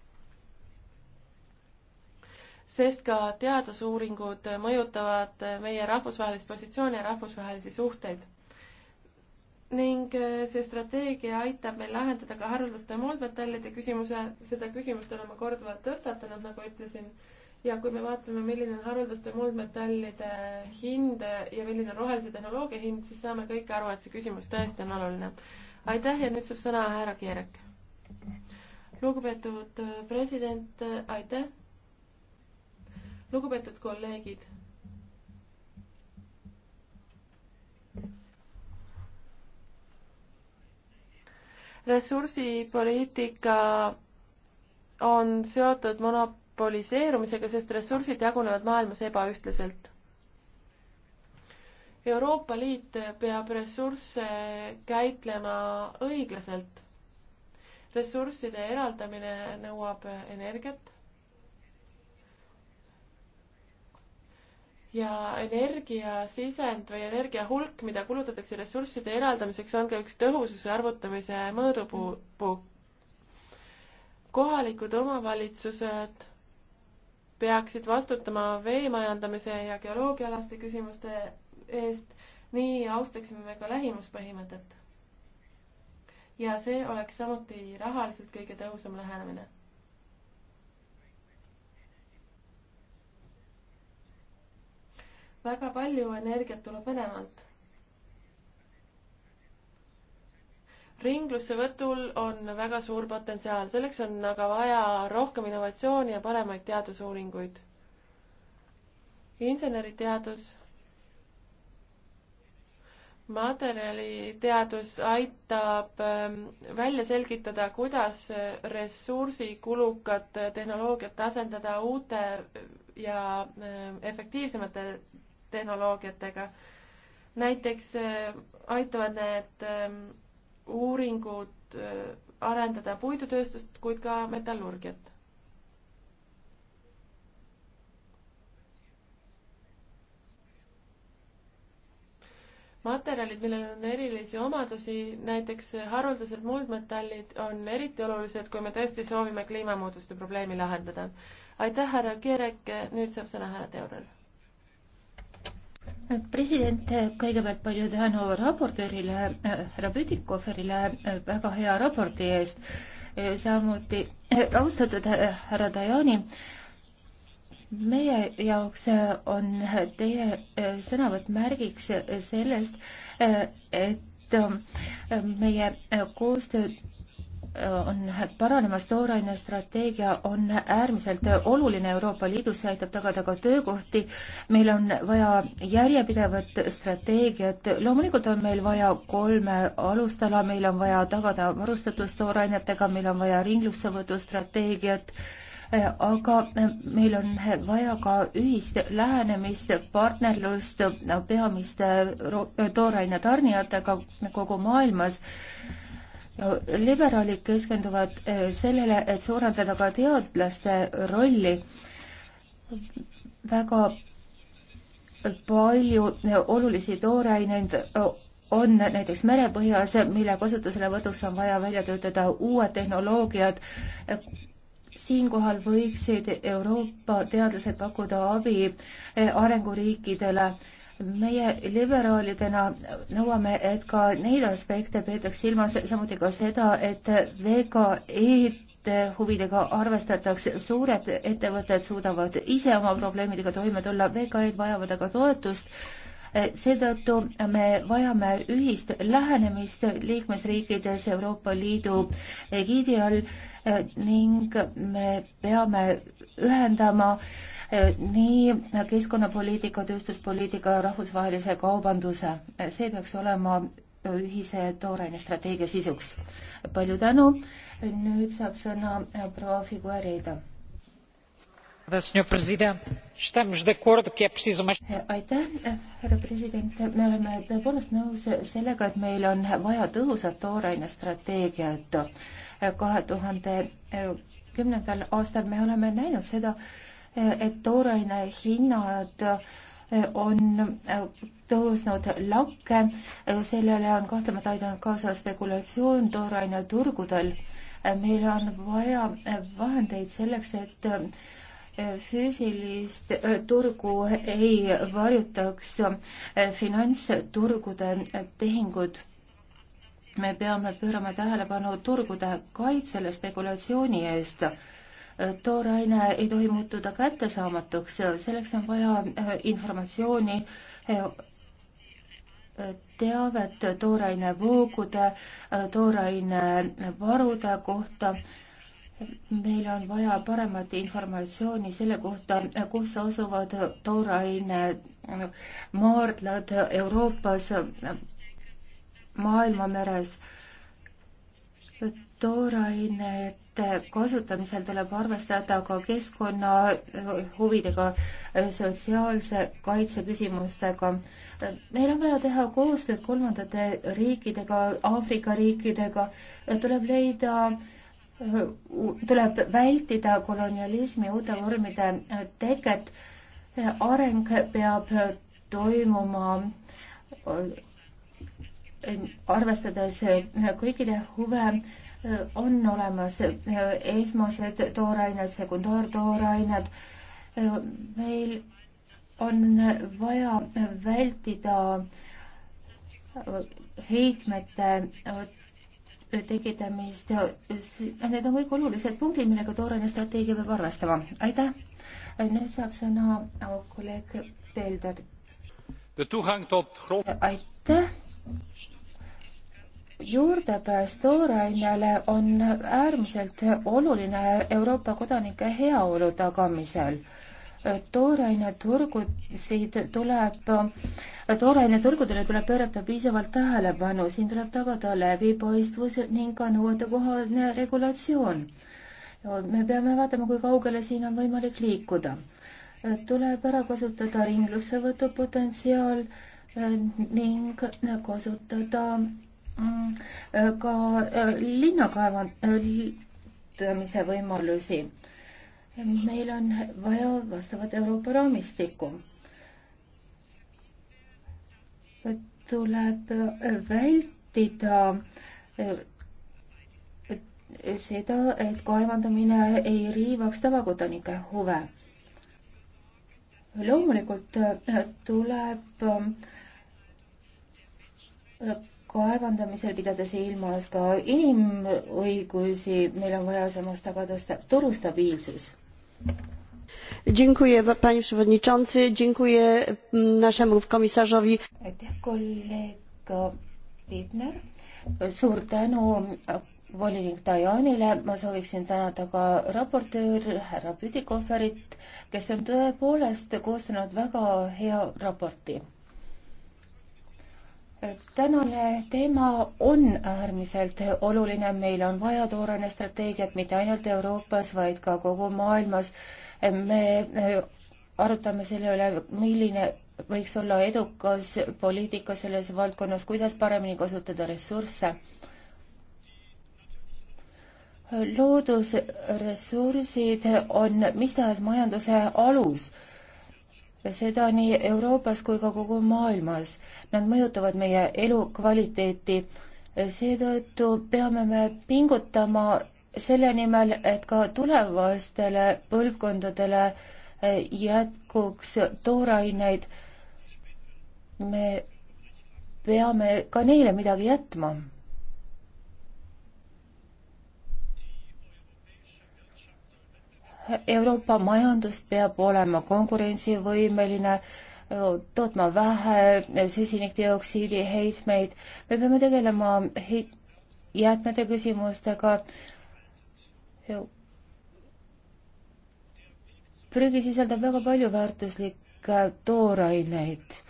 sest ka teadusuuringud mõjutavad meie rahvusvahelist positsiooni ja rahvusvahelisi suhteid. ning äh, see strateegia aitab meil lahendada ka haruldaste muldmetallide küsimuse, seda küsimust olen ma korduvalt tõstatanud, nagu ütlesin, ja kui me vaatame, milline on haruldaste muldmetallide hind ja milline on rohelise tehnoloogia hind, siis saame kõik aru, et see küsimus tõesti on oluline. aitäh ja nüüd saab sõna härra Kierek. lugupeetud äh, president, äh, aitäh lugupeetud kolleegid. ressursipoliitika on seotud monopoliseerumisega, sest ressursid jagunevad maailmas ebaühtlaselt Euroopa Liit peab ressursse käitlema õiglaselt. ressursside eraldamine nõuab energiat ja energiasisend või energia hulk, mida kulutatakse ressursside eraldamiseks, on ka üks tõhususe arvutamise mõõdupuu. kohalikud omavalitsused peaksid vastutama veemajandamise ja geoloogiaalaste küsimuste eest, nii austaksime me ka lähimuspõhimõtet. ja see oleks samuti rahaliselt kõige tõhusam lähenemine väga palju energiat tuleb Venemaalt. ringlussevõtul on väga suur potentsiaal, selleks on aga vaja rohkem innovatsiooni ja paremaid teadusuuringuid. inseneriteadus, materjaliteadus aitab ähm, välja selgitada, kuidas ressursikulukad tehnoloogiat asendada uute ja ähm, efektiivsemate tehnoloogiatega. näiteks äh, aitavad need ähm, uuringud äh, arendada puidutööstust, kuid ka metallurgiat materjalid, millel on erilisi omadusi, näiteks haruldased muldmetallid, on eriti olulised, kui me tõesti soovime kliimamuutuste probleemi lahendada. aitäh, härra Kerek, nüüd saab sõna härra Teurel president, kõigepealt palju tänu raportöörile, äh, härra Pütikoferile äh, väga hea raporti eest. Äh, samuti austatud härra Dajani, meie jaoks on teie sõnavõtt märgiks sellest, et meie koostöö Äh, on paranemas, tooraine strateegia on äärmiselt oluline Euroopa Liidus, see aitab tagada ka töökohti. meil on vaja järjepidevat strateegiat, loomulikult on meil vaja kolme alustala, meil on vaja tagada varustatus toorainetega, meil on vaja ringlussevõtustrateegiat, äh, aga äh, meil on vaja ka ühist lähenemist, partnerlust peamiste tooraine tarnijatega kogu maailmas no liberaalid keskenduvad eh, sellele, et suurendada ka teadlaste rolli. väga palju eh, olulisi tooraineid eh, on näiteks merepõhjas, mille kasutuselevõtuks on vaja välja töötada uued tehnoloogiad. siinkohal võiksid Euroopa teadlased pakkuda abi arenguriikidele meie liberaalidena nõuame, et ka neid aspekte peetaks silmas, samuti ka seda, et VKE-de huvidega arvestatakse, suured ettevõtted suudavad ise oma probleemidega toime tulla, VKE-d vajavad aga toetust, seetõttu me vajame ühist lähenemist liikmesriikides Euroopa Liidu egiidi all ning me peame ühendama äh, nii keskkonnapoliitika, tööstuspoliitika, rahvusvahelise kaubanduse. see peaks olema ühise tooraine strateegia sisuks. palju tänu, nüüd saab sõna proua Figuereida. Eh, aitäh, härra president, me oleme tõepoolest nõus sellega, et meil on vaja tõhusat tooraine strateegiat. Eh, kahe tuhande eh, kümnendal aastal me oleme näinud seda, et tooraine hinnad eh, on eh, tõusnud lakke, eh, sellele on kahtlemata aidanud kaasa spekulatsioon tooraine turgudel. meil on vaja vahendeid selleks, et füüsilist turgu ei varjutaks finantsturgude tehingud. me peame pöörama tähelepanu turgude kaitsele spekulatsiooni eest tooraine ei tohi muutuda kättesaamatuks, selleks on vaja äh, informatsiooni, äh, teavet tooraine voogude, äh, tooraine varude kohta. meil on vaja paremat informatsiooni selle kohta, kus asuvad tooraine maardlad Euroopas, maailmameres toorainete kasutamisel tuleb arvestada ka keskkonnahuvidega, eh, eh, sotsiaalse kaitse küsimustega. meil on vaja teha koostööd kolmandate riikidega, Aafrika riikidega, tuleb leida eh, tuleb vältida kolonialismi uute vormide teket. areng peab toimuma arvestades kõikide huve on olemas äh, esmased toorained, sekundaartoorained. Äh, meil on vaja vältida äh, heitmete tekitamist. Need on kõik olulised punktid, millega tooraine strateegia peab arvestama. aitäh. nüüd saab sõna kolleeg Pelder. aitäh juurdepääs toorainele on äärmiselt oluline Euroopa kodanike heaolu tagamisel. tooraineturgusid tuleb, tooraineturgudele tuleb pöörata piisavalt tähelepanu, siin tuleb tagada läbipaistvus ning ka nõuetekohane regulatsioon. me peame vaatama, kui kaugele siin on võimalik liikuda. tuleb ära kasutada ringlussevõtu potentsiaal ning kasutada ka äh, linnakaevandamise äh, võimalusi. meil on vaja vastavat Euroopa raamistikku. tuleb äh, vältida seda, et kaevandamine ei riivaks tavakodanike huve. loomulikult tuleb kaevandamisel, pidades silmas ka inimõigusi, meil on vaja samas tagada sta-, turu stabiilsus. Dziękuję panie przewodniczący, dziękuję mm, naszemu komisarzowi. aitäh, kolleeg Pidner, suur tänu äh, volinik Dajanile, ma sooviksin tänada ka raportöör härra Püdikohverit, kes on tõepoolest koostanud väga hea raporti tänane teema on äärmiselt oluline, meil on vaja toorene strateegiat mitte ainult Euroopas, vaid ka kogu maailmas. me arutame selle üle, milline võiks olla edukas poliitika selles valdkonnas, kuidas paremini kasutada ressursse. loodusressursid on mis tahes majanduse alus ja seda nii Euroopas kui ka kogu maailmas. Nad mõjutavad meie elukvaliteeti. seetõttu peame me pingutama selle nimel, et ka tulevastele põlvkondadele eh, jätkuks tooraineid. me peame ka neile midagi jätma Euroopa majandus peab olema konkurentsivõimeline, tootma vähe süsinikdioksiidi heitmeid, me peame tegelema heit-, jäätmete küsimustega, prügi sisaldab väga palju väärtuslikke tooraineid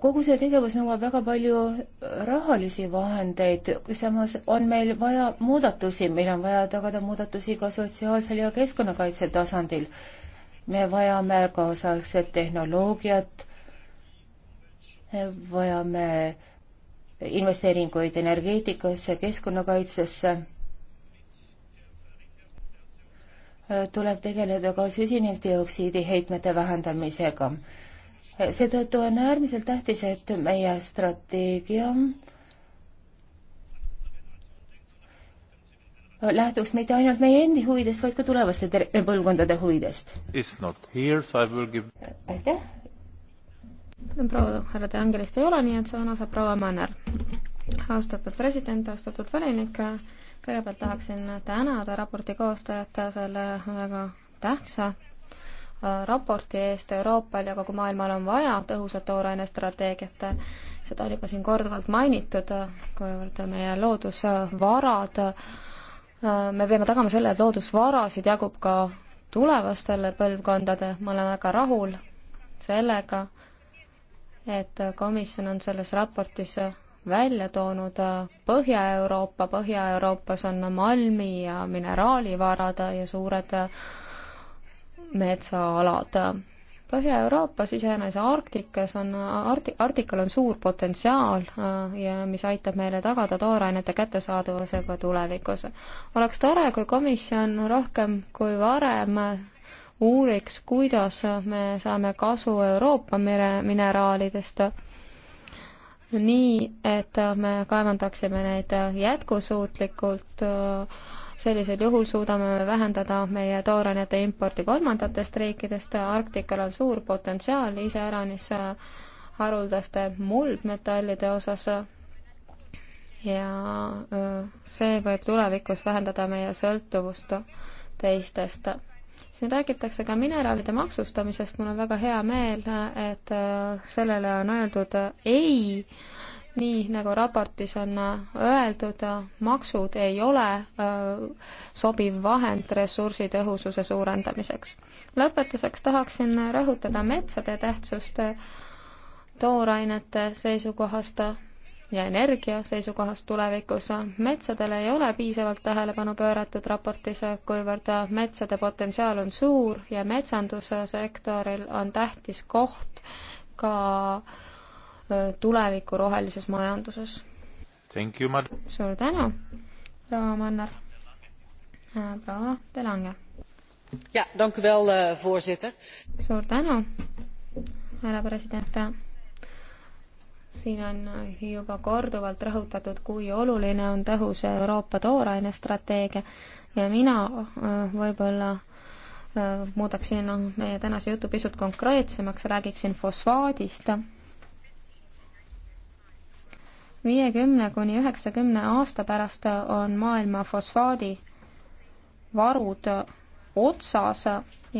kogu see tegevus nõuab väga palju äh, rahalisi vahendeid, samas on meil vaja muudatusi, meil on vaja tagada muudatusi ka sotsiaalsel ja keskkonnakaitse tasandil. me vajame kaasaegset tehnoloogiat, vajame investeeringuid energeetikasse, keskkonnakaitsesse, äh, tuleb tegeleda ka süsinikdioksiidi heitmete vähendamisega seetõttu on äärmiselt tähtis, et meie strateegia lähtuks mitte ainult meie endi huvidest, vaid ka tulevaste põlvkondade huvidest. Give... aitäh. proua härra De Angelist ei ole, nii et sõna saab proua Manner. austatud president, austatud volinik, kõigepealt tahaksin tänada raporti koostajat selle väga tähtsa Äh, raporti eest Euroopal ja kogu maailmal on vaja tõhusat tooraine strateegiat. seda on juba siin korduvalt mainitud, kuivõrd meie loodusvarad, äh, me peame tagama selle, et loodusvarasid jagub ka tulevastele põlvkondadele, ma olen väga rahul sellega, et komisjon on selles raportis välja toonud Põhja-Euroopa, Põhja-Euroopas on malmi ja mineraalivarad ja suured metsaalad. Põhja-Euroopas, iseenesest Arktikas on, Arkti-, Arktikal on suur potentsiaal äh, ja mis aitab meile tagada toorainete kättesaadavuse ka tulevikus. oleks tore, kui komisjon rohkem kui varem uuriks, kuidas me saame kasu Euroopa mere, mineraalidest, nii et me kaevandaksime neid jätkusuutlikult äh, sellisel juhul suudame me vähendada meie toorainete importi kolmandatest riikidest, Arktikal on suur potentsiaal iseäranis äh, haruldaste muldmetallide osas ja äh, see võib tulevikus vähendada meie sõltuvust teistest. siin räägitakse ka mineraalide maksustamisest, mul on väga hea meel, äh, et sellele on öeldud ei nii nagu raportis on äh, öeldud, äh, maksud ei ole äh, sobiv vahend ressursitõhususe suurendamiseks. lõpetuseks tahaksin rõhutada metsade tähtsust toorainete seisukohast ja energia seisukohast tulevikus. metsadele ei ole piisavalt tähelepanu pööratud raportis, kuivõrd metsade potentsiaal on suur ja metsandussektoril on tähtis koht ka äh, tuleviku rohelises majanduses. suur tänu, proua Mannar. Äh, proua De Lange. ja, dank u wel uh,, voorzitter. suur tänu, härra president. siin on juba korduvalt rõhutatud, kui oluline on tõhus Euroopa toorainestrateegia ja mina uh, võib-olla äh, muudaksin noh, meie tänase jutu pisut konkreetsemaks, räägiksin fosfaadist viiekümne kuni üheksakümne aasta pärast on maailma fosfaadi varud otsas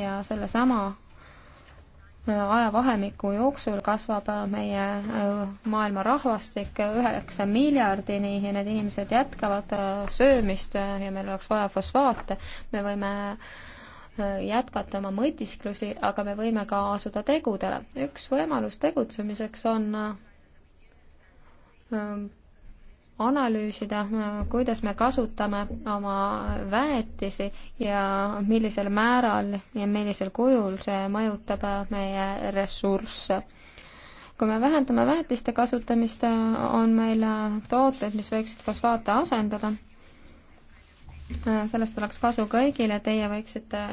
ja sellesama äh, ajavahemiku jooksul kasvab äh, meie äh, maailma rahvastik üheksa miljardini ja need inimesed jätkavad söömist ja meil oleks vaja fosfaate, me võime jätkata oma mõtisklusi, aga me võime ka asuda tegudele. üks võimalus tegutsemiseks on Äh, analüüsida, äh, kuidas me kasutame oma väetisi ja millisel määral ja millisel kujul see mõjutab äh, meie ressursse. kui me vähendame väetiste kasutamist, on meil tooteid, mis võiksid fosfaate asendada. sellest oleks kasu kõigile, teie võiksite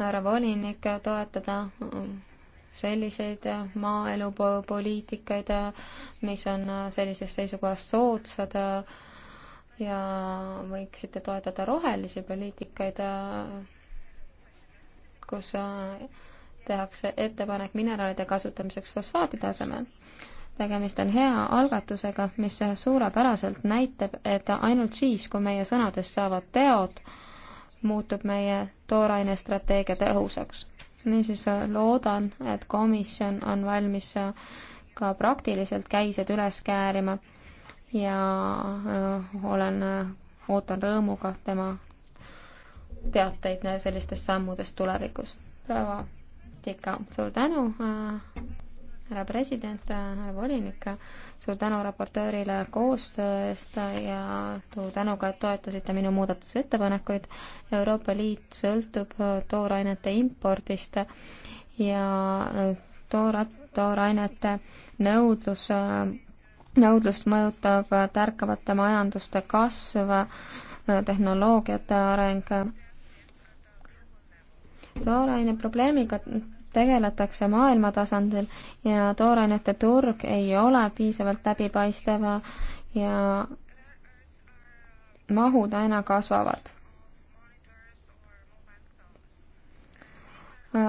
härra volinik toetada selliseid äh, maaelupoliitikaid, äh, mis on äh, sellisest seisukohast soodsad ja võiksite toetada rohelisi poliitikaid, kus tehakse ettepanek mineraalide kasutamiseks fosfaatide asemel. tegemist on hea algatusega, mis suurepäraselt näitab, et ainult siis, kui meie sõnadest saavad teod, muutub meie tooraine strateegia tõhusaks niisiis loodan, et komisjon on valmis ka praktiliselt käised üles käärima ja äh, olen, äh, ootan rõõmuga tema teateid sellistest sammudest tulevikus. proua Tika, suur tänu äh, härra president, härra volinik, suur tänu raportöörile koostöö eest ja suur tänu ka, et toetasite minu muudatusettepanekuid. Euroopa Liit sõltub toorainete impordist ja toora, toorainete nõudlus, nõudlust mõjutab tärkavate majanduste kasv, tehnoloogiate areng tooraine probleemiga tegeletakse maailma tasandil ja toorainete turg ei ole piisavalt läbipaistev ja mahud aina kasvavad.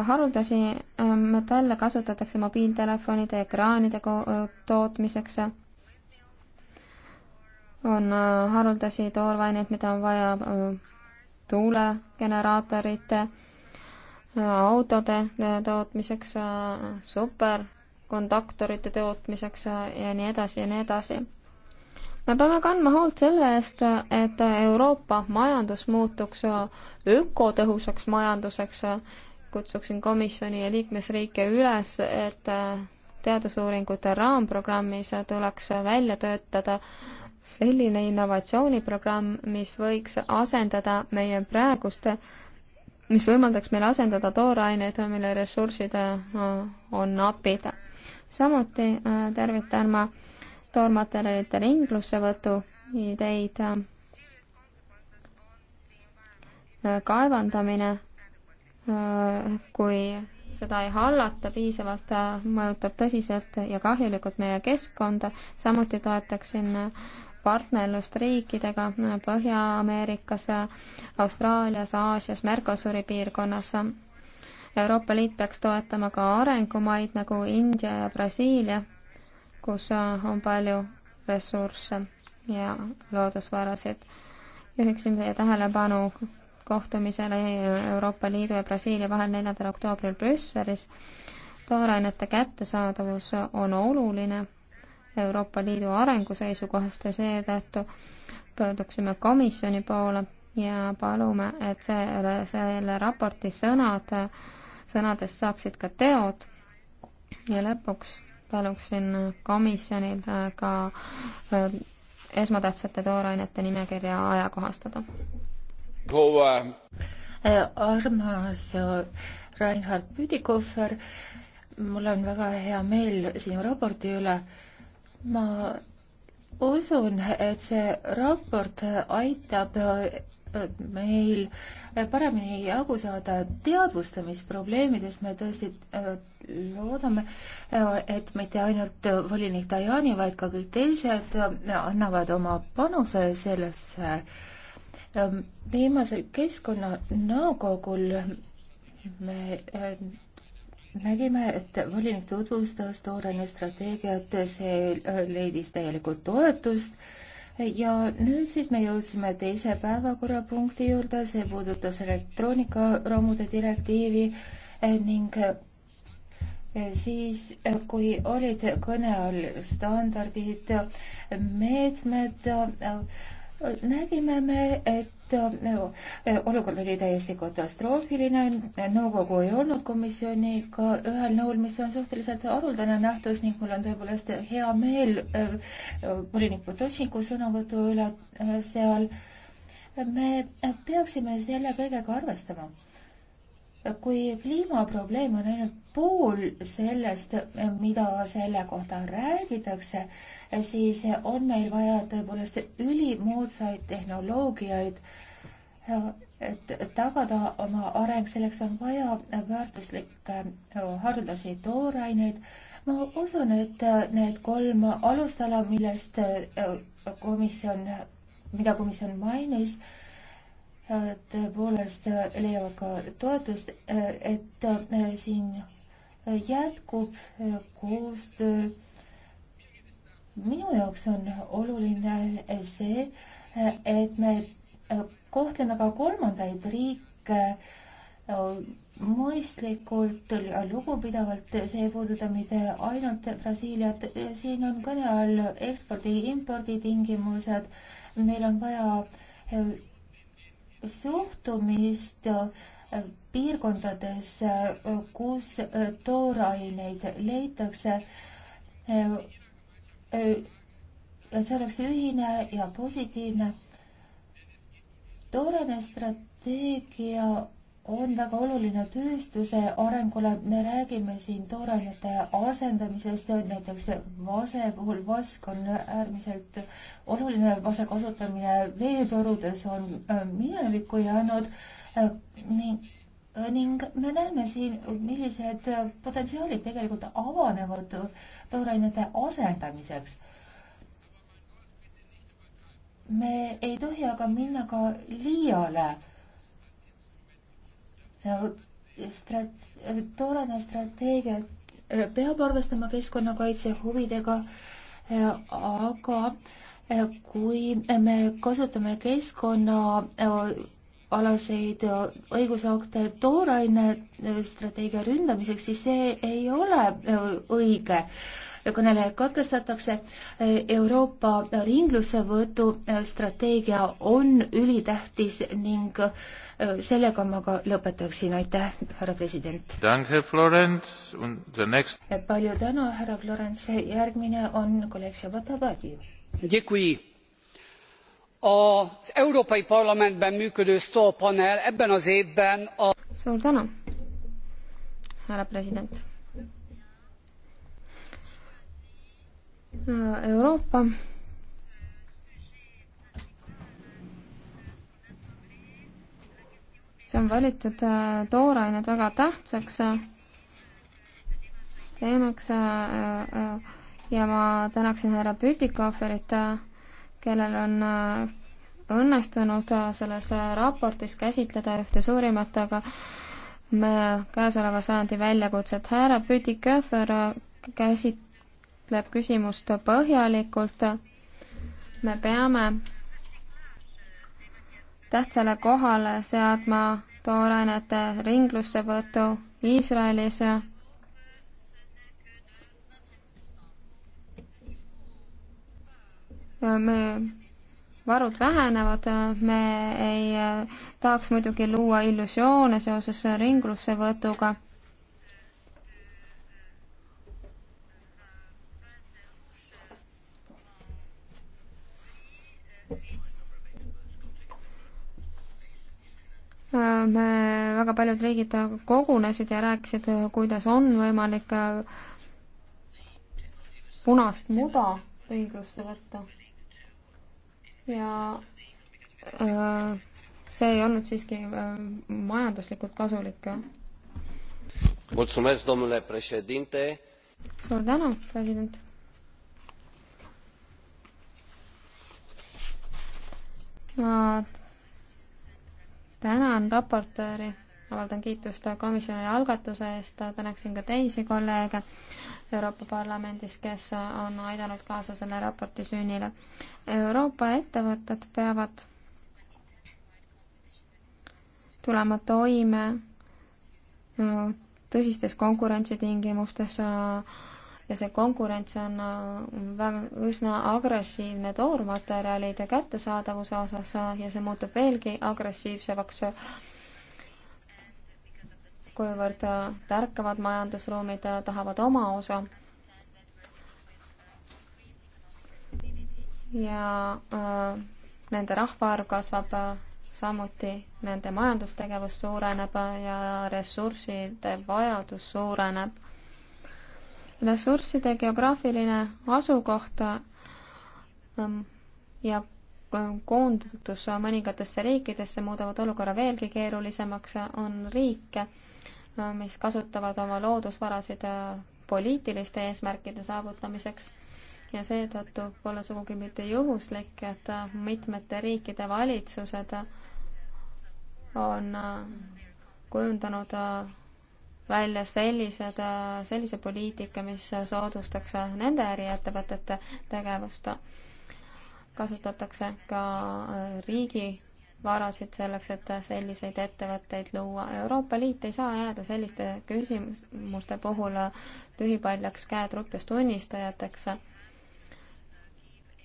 haruldasi äh, metalle kasutatakse mobiiltelefonide ekraanide äh, tootmiseks. on äh, haruldasi tooraineid, mida on vaja tuulegeneraatorite autode äh, tootmiseks, äh, superkonduktorite tootmiseks äh, ja nii edasi ja nii edasi. me peame kandma hoolt selle eest, et Euroopa majandus muutuks ökotõhusaks majanduseks. kutsuksin komisjoni ja liikmesriike üles, et teadusuuringute raamprogrammis tuleks välja töötada selline innovatsiooniprogramm, mis võiks asendada meie praeguste äh, mis võimaldaks meil asendada tooraineid, mille ressursid äh, on napid. samuti äh, tervitan ma toormaterjalide ringlussevõtu ideid. Äh, kaevandamine, kui seda ei hallata piisavalt, mõjutab tõsiselt ja kahjulikult meie keskkonda, samuti toetaksin partnerlust riikidega Põhja-Ameerikas, Austraalias, Aasias, Mercosuri piirkonnas. Euroopa Liit peaks toetama ka arengumaid nagu India ja Brasiilia, kus on palju ressursse ja loodusvarasid. juhiksin teie tähelepanu kohtumisele Euroopa Liidu ja Brasiilia vahel neljandal oktoobril Brüsselis. toorainete kättesaadavus on oluline Euroopa Liidu arengu seisukohast ja seetõttu pöörduksime komisjoni poole ja palume, et selle, selle raporti sõnad, sõnadest saaksid ka teod ja lõpuks paluksin komisjonil ka äh, esmatähtsate toorainete nimekirja ajakohastada. Äh, armas äh, Reinhard Püdikohver, mul on väga hea meel sinu raporti üle ma usun, et see raport aitab äh, meil paremini jagu saada teadvustamisprobleemidest, me tõesti äh, loodame, äh, et mitte ainult volinik Dajani, vaid ka kõik teised annavad oma panuse sellesse. viimasel keskkonnanõukogul me nägime, et volinik tutvustas toorene strateegiat, see äh, leidis täielikult toetust ja nüüd siis me jõudsime teise päevakorrapunkti juurde, see puudutas elektroonikaromude direktiivi äh, ning äh, siis, kui olid kõne all standardid, meetmed, nägime me, et äh, olukord oli täiesti katastroofiline, nõukogu ei olnud komisjoniga ühel nõul, mis on suhteliselt haruldane nähtus ning mul on tõepoolest hea meel äh, volinik Potošniku sõnavõtu üle äh, seal. me peaksime selle kõigega arvestama kui kliimaprobleem on ainult pool sellest, mida selle kohta räägitakse, siis on meil vaja tõepoolest ülimoodsaid tehnoloogiaid, et tagada oma areng, selleks on vaja väärtuslikke haruldasi tooraineid. ma usun, et need kolm alustala, millest komisjon, mida komisjon mainis, Äh, tõepoolest äh, leiavad ka toetust, äh, et siin jätkub koostöö. minu jaoks on oluline see, et me kohtleme ka kolmandaid riike mõistlikult ja lugupidavalt, see ei puuduta mitte ainult Brasiiliat, siin on kõne all ekspordi-impordi tingimused, meil on vaja suhtumist äh, piirkondades, äh, kus äh, tooraineid leitakse. et see oleks ühine ja positiivne. toorainestrateegia on väga oluline tööstuse arengule, me räägime siin toorainete asendamisest, näiteks vase puhul vask on äärmiselt oluline, vase kasutamine veetorudes on äh, minevikku jäänud ning, äh, ning me näeme siin, millised potentsiaalid tegelikult avanevad toorainete asendamiseks me ei tohi aga minna ka liiale strat-, toonane strateegia äh, peab arvestama keskkonnakaitse huvidega, äh, aga äh, kui me kasutame keskkonna alaseid õigusakte tooraine strateegia ründamiseks, siis see ei ole äh, õige. kõnelejad katkestatakse. Euroopa ringlussevõtu äh, strateegia on ülitähtis ning äh, sellega ma ka lõpetaksin. aitäh, härra president. palju tänu, härra Florence. järgmine on kolleeg Šabatabadi az európai parlamentben működő stoa panel ebben az évben a. suur tänu härra president euroopa see on valitud äh, toorainet väga tähtsaks äh, teemaks äh, ja ma tänaksin härra Pütikoferit kellel on äh, õnnestunud äh, selles äh, raportis käsitleda ühte suurimat, aga käesoleva sajandi väljakutset. härra Pütiköfer käsitleb küsimust põhjalikult. me peame tähtsale kohale seadma toorainete ringlussevõtu Iisraelis me varud vähenevad, me ei äh, tahaks muidugi luua illusioone seoses ringlussevõtuga. me, väga paljud riigid kogunesid ja rääkisid, kuidas on võimalik äh, punast muda ringlusse võtta ja öö, äh, see ei olnud siiski äh, majanduslikult kasulik. suur tänu, president. ma tänan raportööri avaldan kiitust komisjoni algatuse eest, tänaksin ka teisi kolleege Euroopa Parlamendis, kes on aidanud kaasa selle raporti sünnile. Euroopa ettevõtted peavad tulema toime tõsistes konkurentsitingimustes ja see konkurents on väga, üsna agressiivne toormaterjalide kättesaadavuse osas ja see muutub veelgi agressiivsemaks kuivõrd äh, tärkavad majandusruumid äh, tahavad oma osa. ja äh, nende rahvaarv kasvab äh, samuti nende majandustegevus suureneb ja ressursside vajadus suureneb. ressursside geograafiline asukoht ja koondutus mõningatesse riikidesse muudavad olukorra veelgi keerulisemaks, on riike, mis kasutavad oma loodusvarasid poliitiliste eesmärkide saavutamiseks ja seetõttu pole sugugi mitte juhuslik, et mitmete riikide valitsused on kujundanud välja sellised, sellise poliitika, mis soodustaks nende äriettevõtete tegevust kasutatakse ka äh, riigivarasid selleks, et selliseid ettevõtteid luua. Euroopa Liit ei saa jääda selliste küsimuste puhul äh, tühipaljaks käed rupjus tunnistajateks.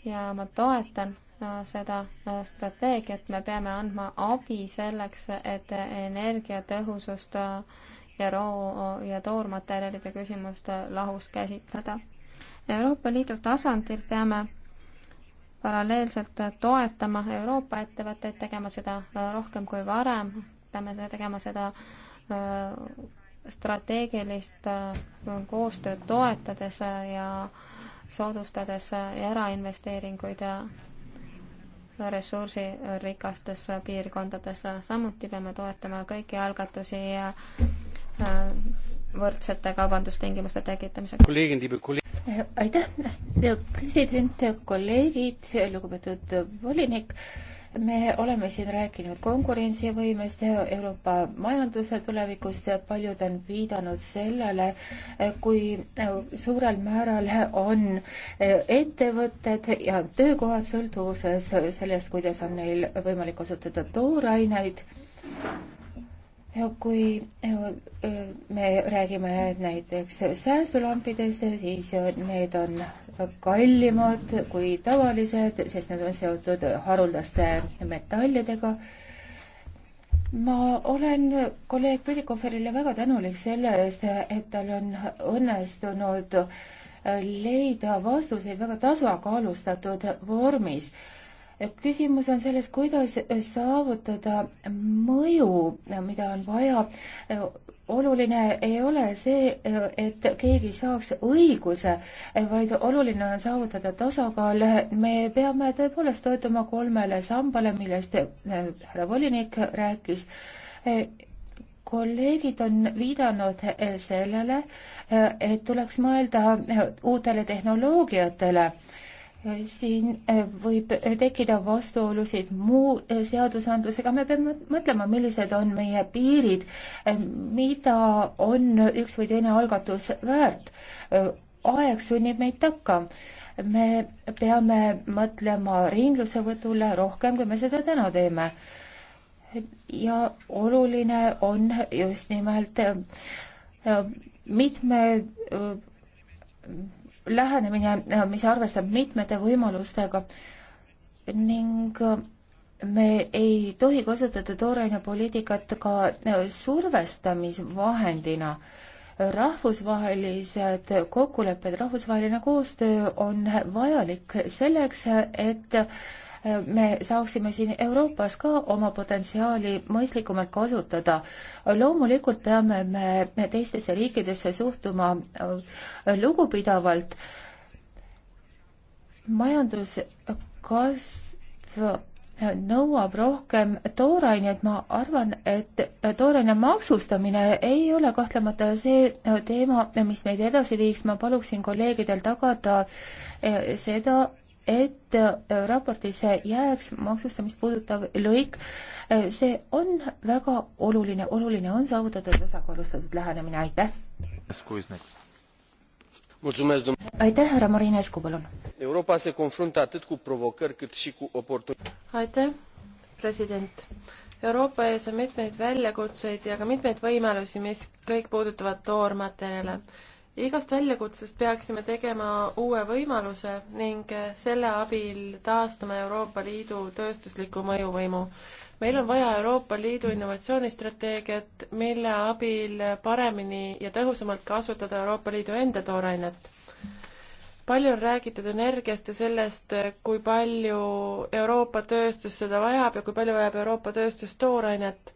ja ma toetan äh, seda strateegiat, me peame andma abi selleks, et energiatõhusust ja roo- ja toormaterjalide küsimust lahus käsitleda. Euroopa Liidu tasandil peame paralleelselt toetama Euroopa ettevõtteid, tegema seda äh, rohkem kui varem, peame tegema seda äh, strateegilist äh, koostööd toetades ja soodustades erainvesteeringuid ja ressursirikastes piirkondades. samuti peame toetama kõiki algatusi võrdsete kaubandustingimuste tekitamiseks aitäh, president, kolleegid, lugupeetud volinik. me oleme siin rääkinud konkurentsivõimest, Euroopa majanduse tulevikust, paljud on viidanud sellele, kui suurel määral on ettevõtted ja töökohad sõltuvuses sellest, kuidas on neil võimalik kasutada tooraineid kui äh, äh, me räägime näiteks säästulampidest, siis need on kallimad kui tavalised, sest need on seotud haruldaste metallidega. ma olen kolleeg Püdikoferile väga tänulik selle eest, et tal on õnnestunud leida vastuseid väga tasakaalustatud vormis küsimus on selles, kuidas äh, saavutada mõju, äh, mida on vaja. Äh, oluline ei ole see, et keegi saaks õiguse, vaid oluline on saavutada tasakaal. me peame tõepoolest toetuma kolmele sambale, millest härra volinik rääkis kolleegid on viidanud sellele, et tuleks mõelda uutele tehnoloogiatele siin eh, võib tekkida vastuolusid muu eh, seadusandlusega, me peame mõtlema, millised on meie piirid, eh, mida on üks või teine algatus väärt. aeg sunnib meid takka. me peame mõtlema ringlusevõtule rohkem, kui me seda täna teeme. ja oluline on just nimelt mitme lähenemine, mis arvestab mitmete võimalustega ning me ei tohi kasutada toorainepoliitikat ka survestamisvahendina. rahvusvahelised kokkulepped, rahvusvaheline koostöö on vajalik selleks, et me saaksime siin Euroopas ka oma potentsiaali mõistlikumalt kasutada. loomulikult peame me teistesse riikidesse suhtuma lugupidavalt. majanduskasv nõuab rohkem toorainet, ma arvan, et tooraine maksustamine ei ole kahtlemata see teema, mis meid edasi viiks, ma paluksin kolleegidel tagada eh, seda, et äh, raportis jääks maksustamist puudutav lõik. Äh, see on väga oluline, oluline on saavutada tasakaalustatud lähenemine, aitäh. aitäh, härra Marinescu, palun. aitäh, president. Euroopa ees on mitmeid väljakutseid ja ka mitmeid võimalusi, mis kõik puudutavad toormaterjale igast väljakutsest peaksime tegema uue võimaluse ning selle abil taastama Euroopa Liidu tööstusliku mõjuvõimu. meil on vaja Euroopa Liidu innovatsioonistrateegiat, mille abil paremini ja tõhusamalt kasutada Euroopa Liidu enda toorainet palju on räägitud energiast ja sellest, kui palju Euroopa tööstus seda vajab ja kui palju vajab Euroopa tööstus toorainet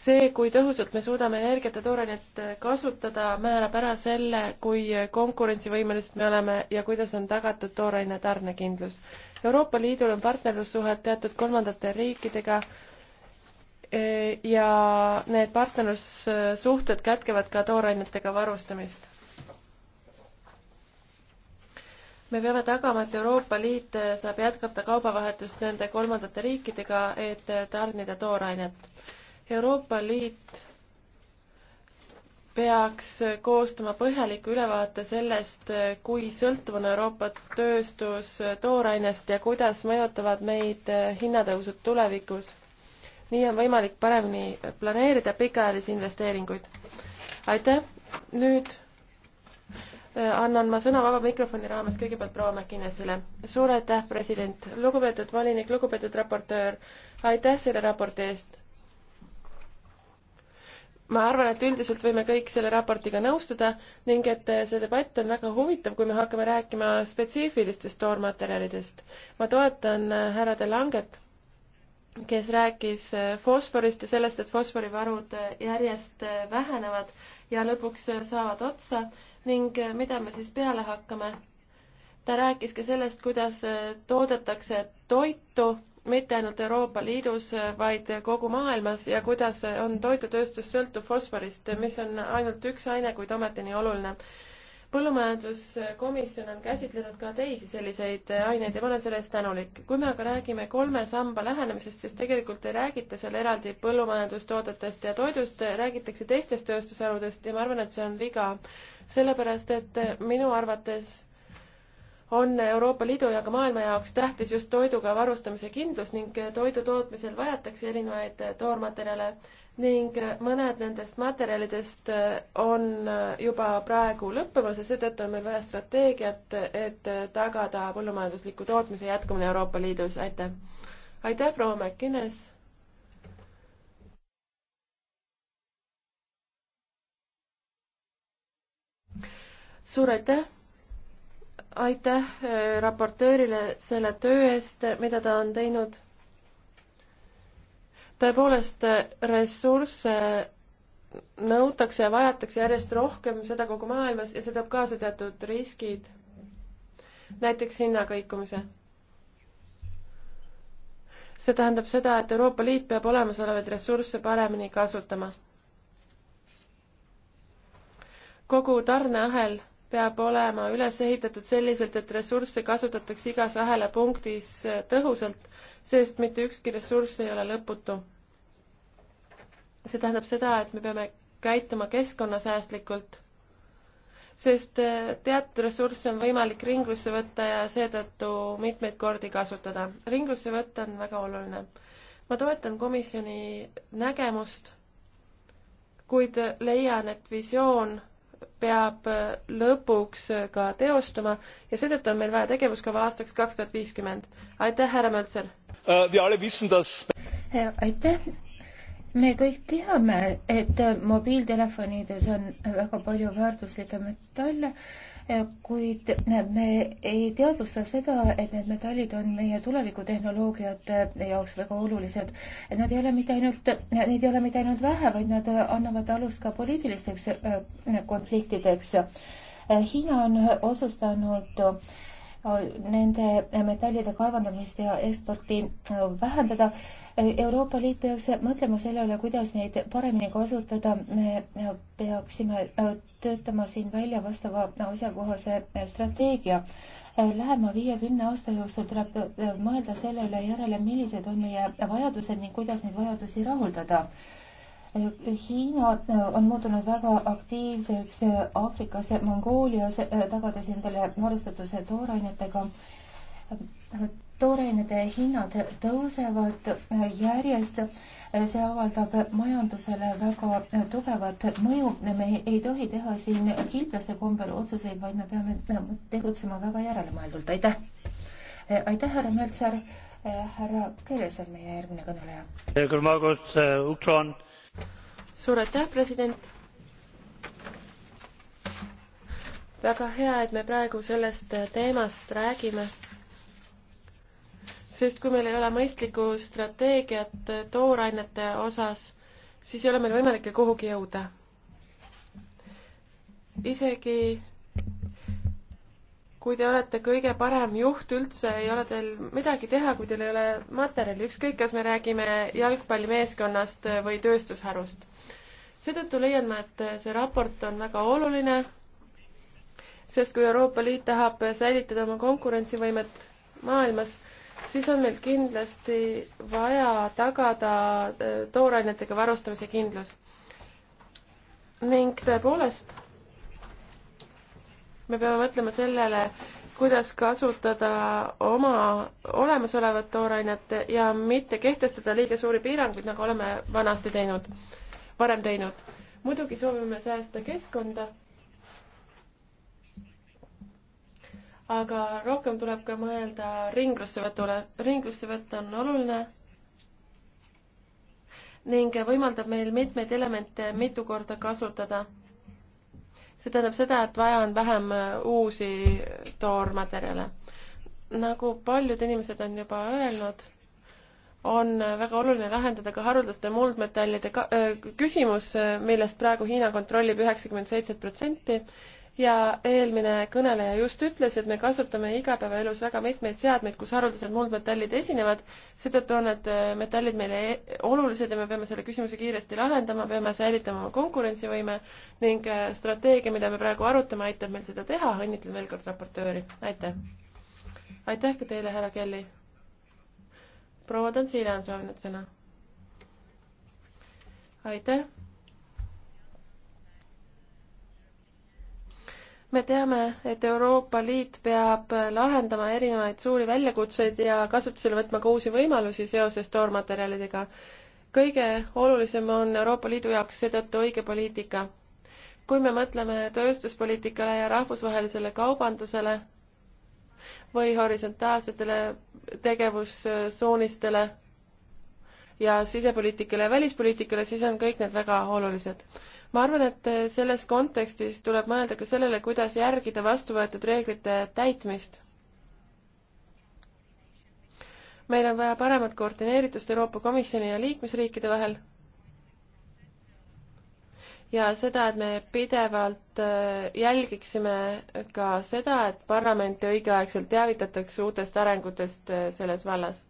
see, kui tõhusalt me suudame energiat ja toorainet kasutada, määrab ära selle, kui konkurentsivõimelised me oleme ja kuidas on tagatud tooraine tarnekindlus. Euroopa Liidul on partnerlussuhed teatud kolmandate riikidega e, ja need partnerlussuhted kätkevad ka toorainetega varustamist. me peame tagama, et Euroopa Liit saab jätkata kaubavahetust nende kolmandate riikidega, et tarnida toorainet Euroopa Liit peaks koostama põhjaliku ülevaate sellest, kui sõltuv on Euroopa tööstus toorainest ja kuidas mõjutavad meid hinnatõusud tulevikus. nii on võimalik paremini planeerida pikaajalisi investeeringuid. aitäh, nüüd äh, annan ma sõna vaba mikrofoni raames kõigepealt proua Mäkinesele. suur aitäh, president, lugupeetud volinik, lugupeetud raportöör, aitäh selle raporti eest ma arvan, et üldiselt võime kõik selle raportiga nõustuda ning et see debatt on väga huvitav, kui me hakkame rääkima spetsiifilistest toormaterjalidest. ma toetan härra De Langet, kes rääkis fosforist ja sellest, et fosforivarud järjest vähenevad ja lõpuks saavad otsa ning mida me siis peale hakkame. ta rääkis ka sellest, kuidas toodetakse toitu mitte ainult Euroopa Liidus, vaid kogu maailmas ja kuidas on toidutööstus sõltuv fosforist, mis on ainult üks aine, kuid ometi nii oluline. põllumajanduskomisjon on käsitlenud ka teisi selliseid aineid ja ma olen selle eest tänulik. kui me aga räägime kolme samba lähenemisest, siis tegelikult ei räägita seal eraldi põllumajandustoodetest ja toidust, räägitakse teistest tööstusharudest ja ma arvan, et see on viga. sellepärast, et minu arvates on Euroopa Liidu ja ka maailma jaoks tähtis just toiduga varustamise kindlus ning toidu tootmisel vajatakse erinevaid toormaterjale ning mõned nendest materjalidest on juba praegu lõppemas ja seetõttu on meil vaja strateegiat, et tagada põllumajandusliku tootmise jätkumine Euroopa Liidus, aitäh. aitäh, proua Mäkkines. suur aitäh aitäh äh, raportöörile selle töö eest, mida ta on teinud. tõepoolest, äh, ressursse nõutakse ja vajatakse järjest rohkem, seda kogu maailmas ja see toob kaasa teatud riskid, näiteks hinnakõikumise. see tähendab seda, et Euroopa Liit peab olemasolevaid ressursse paremini kasutama. kogu tarneahel peab olema üles ehitatud selliselt, et ressursse kasutatakse igas ahela punktis äh, tõhusalt, sest mitte ükski ressurss ei ole lõputu. see tähendab seda, et me peame käituma keskkonnasäästlikult, sest äh, teatud ressursse on võimalik ringlusse võtta ja seetõttu mitmeid kordi kasutada. ringlusse võtta on väga oluline. ma toetan komisjoni nägemust, kuid leian, et visioon peab äh, lõpuks äh, ka teostuma ja seetõttu on meil vaja tegevuskava aastaks kaks tuhat viiskümmend. aitäh, härra Mölzer uh,! Äh, aitäh! me kõik teame, et mobiiltelefonides on väga palju väärtuslikke metalle kuid me ei teadvusta seda, et need metallid on meie tulevikutehnoloogiate jaoks väga olulised. Nad ei ole mitte ainult, neid ei ole mitte ainult vähe, vaid nad annavad alust ka poliitilisteks äh, konfliktideks. Hiina on otsustanud äh, nende metallide kaevandamist ja eksporti äh, vähendada. Euroopa Liit peaks mõtlema selle üle, kuidas neid paremini kasutada. me äh, peaksime äh, töötama siin välja vastava asjakohase strateegia. Lähema viiekümne aasta jooksul tuleb mõelda selle üle järele, millised on meie vajadused ning kuidas neid vajadusi rahuldada Hiina äh, on muutunud väga aktiivseks äh, Aafrikas, äh, Mongoolias, tagades endale varustatuse toorainetega. toorainete hinnad tõusevad järjest, see avaldab majandusele väga tugevat mõju. me ei tohi teha siin kilplaste kombel otsuseid, vaid me peame tegutsema väga järelemõeldult, aitäh! aitäh, härra Möltser, härra Keres on meie järgmine kõneleja suur aitäh, president! väga hea, et me praegu sellest teemast räägime. sest kui meil ei ole mõistlikku strateegiat toorainete osas, siis ei ole meil võimalik kuhugi jõuda. isegi kui te olete kõige parem juht üldse, ei ole teil midagi teha, kui teil ei ole materjali, ükskõik, kas me räägime jalgpallimeeskonnast või tööstusharust. seetõttu leian ma, et see raport on väga oluline, sest kui Euroopa Liit tahab säilitada oma konkurentsivõimet maailmas, siis on meil kindlasti vaja tagada äh, toorainetega varustamise kindlus. ning tõepoolest me peame mõtlema sellele, kuidas kasutada oma olemasolevat toorainet ja mitte kehtestada liiga suuri piiranguid, nagu oleme vanasti teinud, varem teinud. muidugi soovime säästa keskkonda, aga rohkem tuleb ka mõelda ringlussevõtule. ringlussevõtt on oluline ning võimaldab meil mitmeid elemente mitu korda kasutada see tähendab seda, et vaja on vähem äh, uusi toormaterjale. nagu paljud inimesed on juba öelnud, on äh, väga oluline lahendada ka haruldaste muldmetallide ka, öö, äh, küsimus, millest praegu Hiina kontrollib üheksakümmend seitset protsenti ja eelmine kõneleja just ütles, et me kasutame igapäevaelus väga mitmeid seadmeid, kus haruldased muldmetallid esinevad, seetõttu on need äh, metallid meile e-, olulised ja me peame selle küsimuse kiiresti lahendama, peame säilitama oma konkurentsivõime ning äh, strateegia, mida me praegu arutame, aitab meil seda teha, õnnitlen veel kord raportööri, aitäh! aitäh ka teile, härra Kelly! proua Tantsile on soovinud sõna. aitäh! me teame, et Euroopa Liit peab lahendama erinevaid suuri väljakutseid ja kasutusele võtma ka uusi võimalusi seoses toormaterjalidega. kõige olulisem on Euroopa Liidu jaoks seetõttu õige poliitika. kui me mõtleme tööstuspoliitikale ja rahvusvahelisele kaubandusele või horisontaalsetele tegevussuunistele ja sisepoliitikale ja välispoliitikale, siis on kõik need väga olulised ma arvan, et äh, selles kontekstis tuleb mõelda ka sellele, kuidas järgida vastu võetud reeglite täitmist. meil on vaja paremat koordineeritust Euroopa Komisjoni ja liikmesriikide vahel ja seda, et me pidevalt äh, jälgiksime ka seda, et parlamenti õigeaegselt teavitatakse uutest arengutest äh, selles vallas.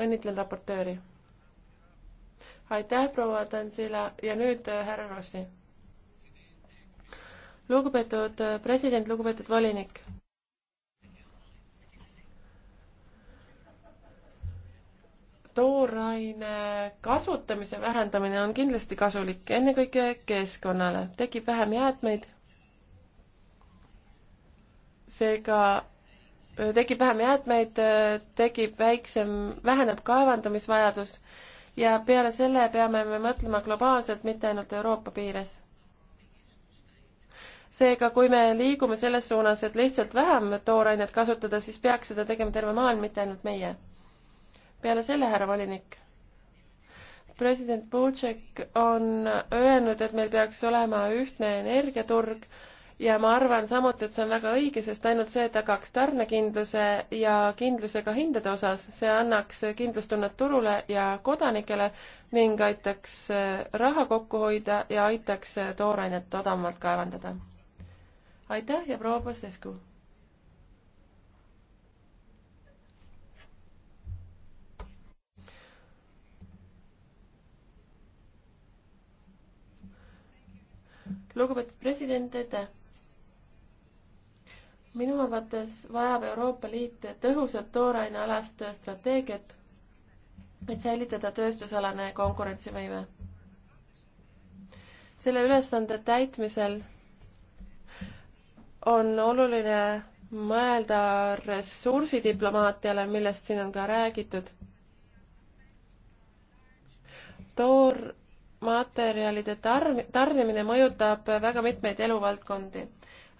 õnnitlen raportööri aitäh, proua Tansila ja nüüd äh, härra Rossi. lugupeetud äh, president, lugupeetud volinik. tooraine kasutamise vähendamine on kindlasti kasulik ennekõike keskkonnale, tekib vähem jäätmeid. seega äh, tekib vähem jäätmeid, tekib väiksem, väheneb kaevandamisvajadus ja peale selle peame me mõtlema globaalselt, mitte ainult Euroopa piires. seega, kui me liigume selles suunas, et lihtsalt vähem toorainet kasutada, siis peaks seda tegema terve maailm, mitte ainult meie. peale selle, härra volinik, president Butšek on öelnud, et meil peaks olema ühtne energiaturg ja ma arvan samuti, et see on väga õige, sest ainult see tagaks tarnekindluse ja kindluse ka hindade osas, see annaks kindlustunnet turule ja kodanikele ning aitaks äh, raha kokku hoida ja aitaks äh, toorainet odavamalt kaevandada. aitäh ja proua Pasescu! lugupeetud president, aitäh! minu arvates vajab Euroopa Liit tõhusat toorainealast strateegiat, et säilitada tööstusalane konkurentsivõime. selle ülesande täitmisel on oluline mõelda ressursidiplomaatiale, millest siin on ka räägitud. toormaterjalide tarn-, tarnimine mõjutab väga mitmeid eluvaldkondi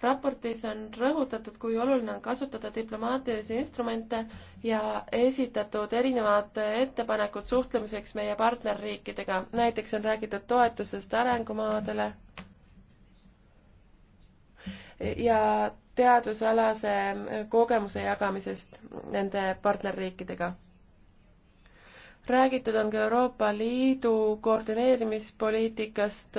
raportis on rõhutatud, kui oluline on kasutada diplomaatilisi instrumente ja esitatud erinevad ettepanekud suhtlemiseks meie partnerriikidega. näiteks on räägitud toetusest arengumaadele ja teadusalase kogemuse jagamisest nende partnerriikidega räägitud on ka Euroopa Liidu koordineerimispoliitikast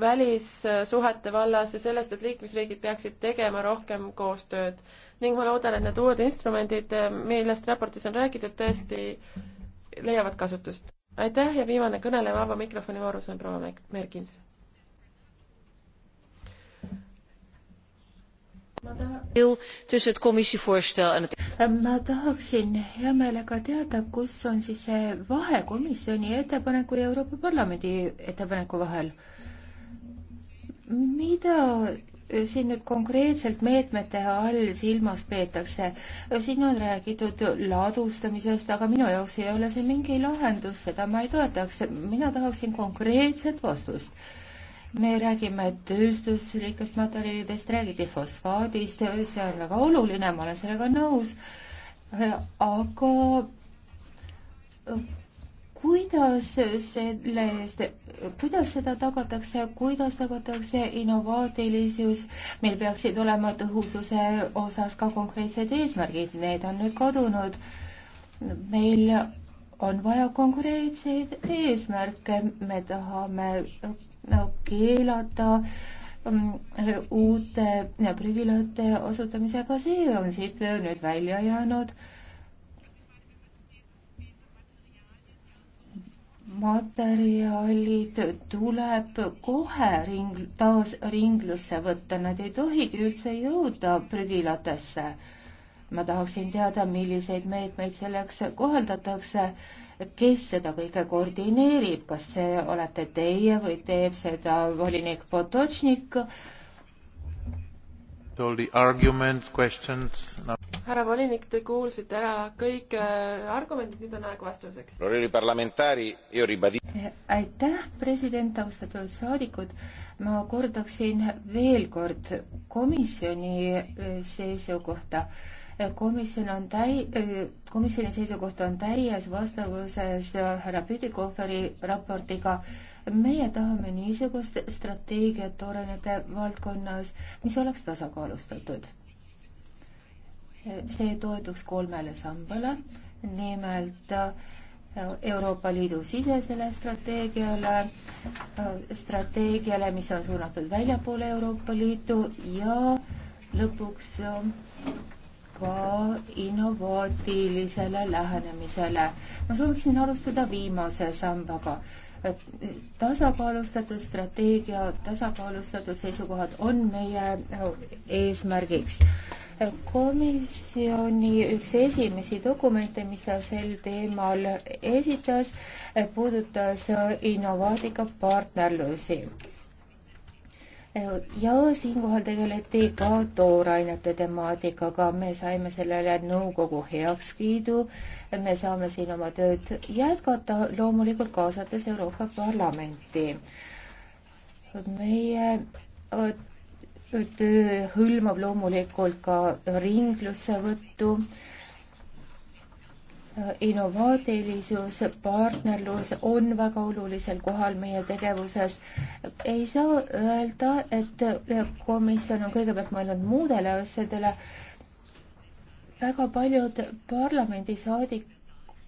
välissuhete vallas ja sellest, et liikmesriigid peaksid tegema rohkem koostööd. ning ma loodan, et need uued instrumendid, millest raportis on räägitud, tõesti leiavad kasutust. aitäh ja viimane kõneleja vaba mikrofoni voorus on proua Merkins. ma tahan tussen het commissievoorstel en het ma tahaksin hea meelega teada, kus on siis see vahe komisjoni ettepaneku ja Euroopa Parlamendi ettepaneku vahel. mida siin nüüd konkreetselt meetmete all silmas peetakse. siin on räägitud ladustamisest, aga minu jaoks ei ole see mingi lahendus, seda ma ei toetaks. mina tahaksin konkreetset vastust me räägime tööstusrikast materjalidest, räägiti fosfaadist, see on väga oluline, ma olen sellega nõus, aga äh, kuidas sellest, kuidas seda tagatakse, kuidas tagatakse innovaatilisus, meil peaksid olema tõhususe osas ka konkreetsed eesmärgid, need on nüüd kadunud. meil on vaja konkreetseid eesmärke, me tahame Noh, keelata ähm, uute prügilate osutamisega, see on siit nüüd välja jäänud. materjalid tuleb kohe ring, taas ringlusse võtta, nad ei tohigi üldse jõuda prügilatesse. ma tahaksin teada, milliseid meetmeid selleks kohaldatakse kes seda kõike koordineerib, kas see olete teie või teeb seda volinik Potočnik? härra volinik, te kuulsite ära kõik äh, argumendid, nüüd on aeg vastuseks. Eh, aitäh, president, austatud saadikud. ma kordaksin veel kord komisjoni äh, seisukohta komisjon on täi-, komisjoni seisukoht on täies vastavuses härra Püdikohveri raportiga. meie tahame niisugust strateegiat toorenete valdkonnas, mis oleks tasakaalustatud. see toetuks kolmele sambale, nimelt Euroopa Liidu sisesele strateegiale, strateegiale, mis on suunatud väljapoole Euroopa Liitu ja lõpuks juba innovaatilisele lähenemisele. ma sooviksin alustada viimase sambaga. tasakaalustatud strateegia, tasakaalustatud seisukohad on meie eesmärgiks. komisjoni üks esimesi dokumente, mis ta sel teemal esitas, puudutas innovaatika partnerlusi ja siinkohal tegeleti ka toorainete temaatikaga, me saime sellele nõukogu heakskiidu, me saame siin oma tööd jätkata, loomulikult kaasates Euroopa Parlamenti. meie töö hõlmab loomulikult ka ringlussevõttu innovaatilisus, partnerlus on väga olulisel kohal meie tegevuses. ei saa öelda, et komisjon on kõigepealt mõelnud muudele asjadele. väga paljud parlamendisaadikud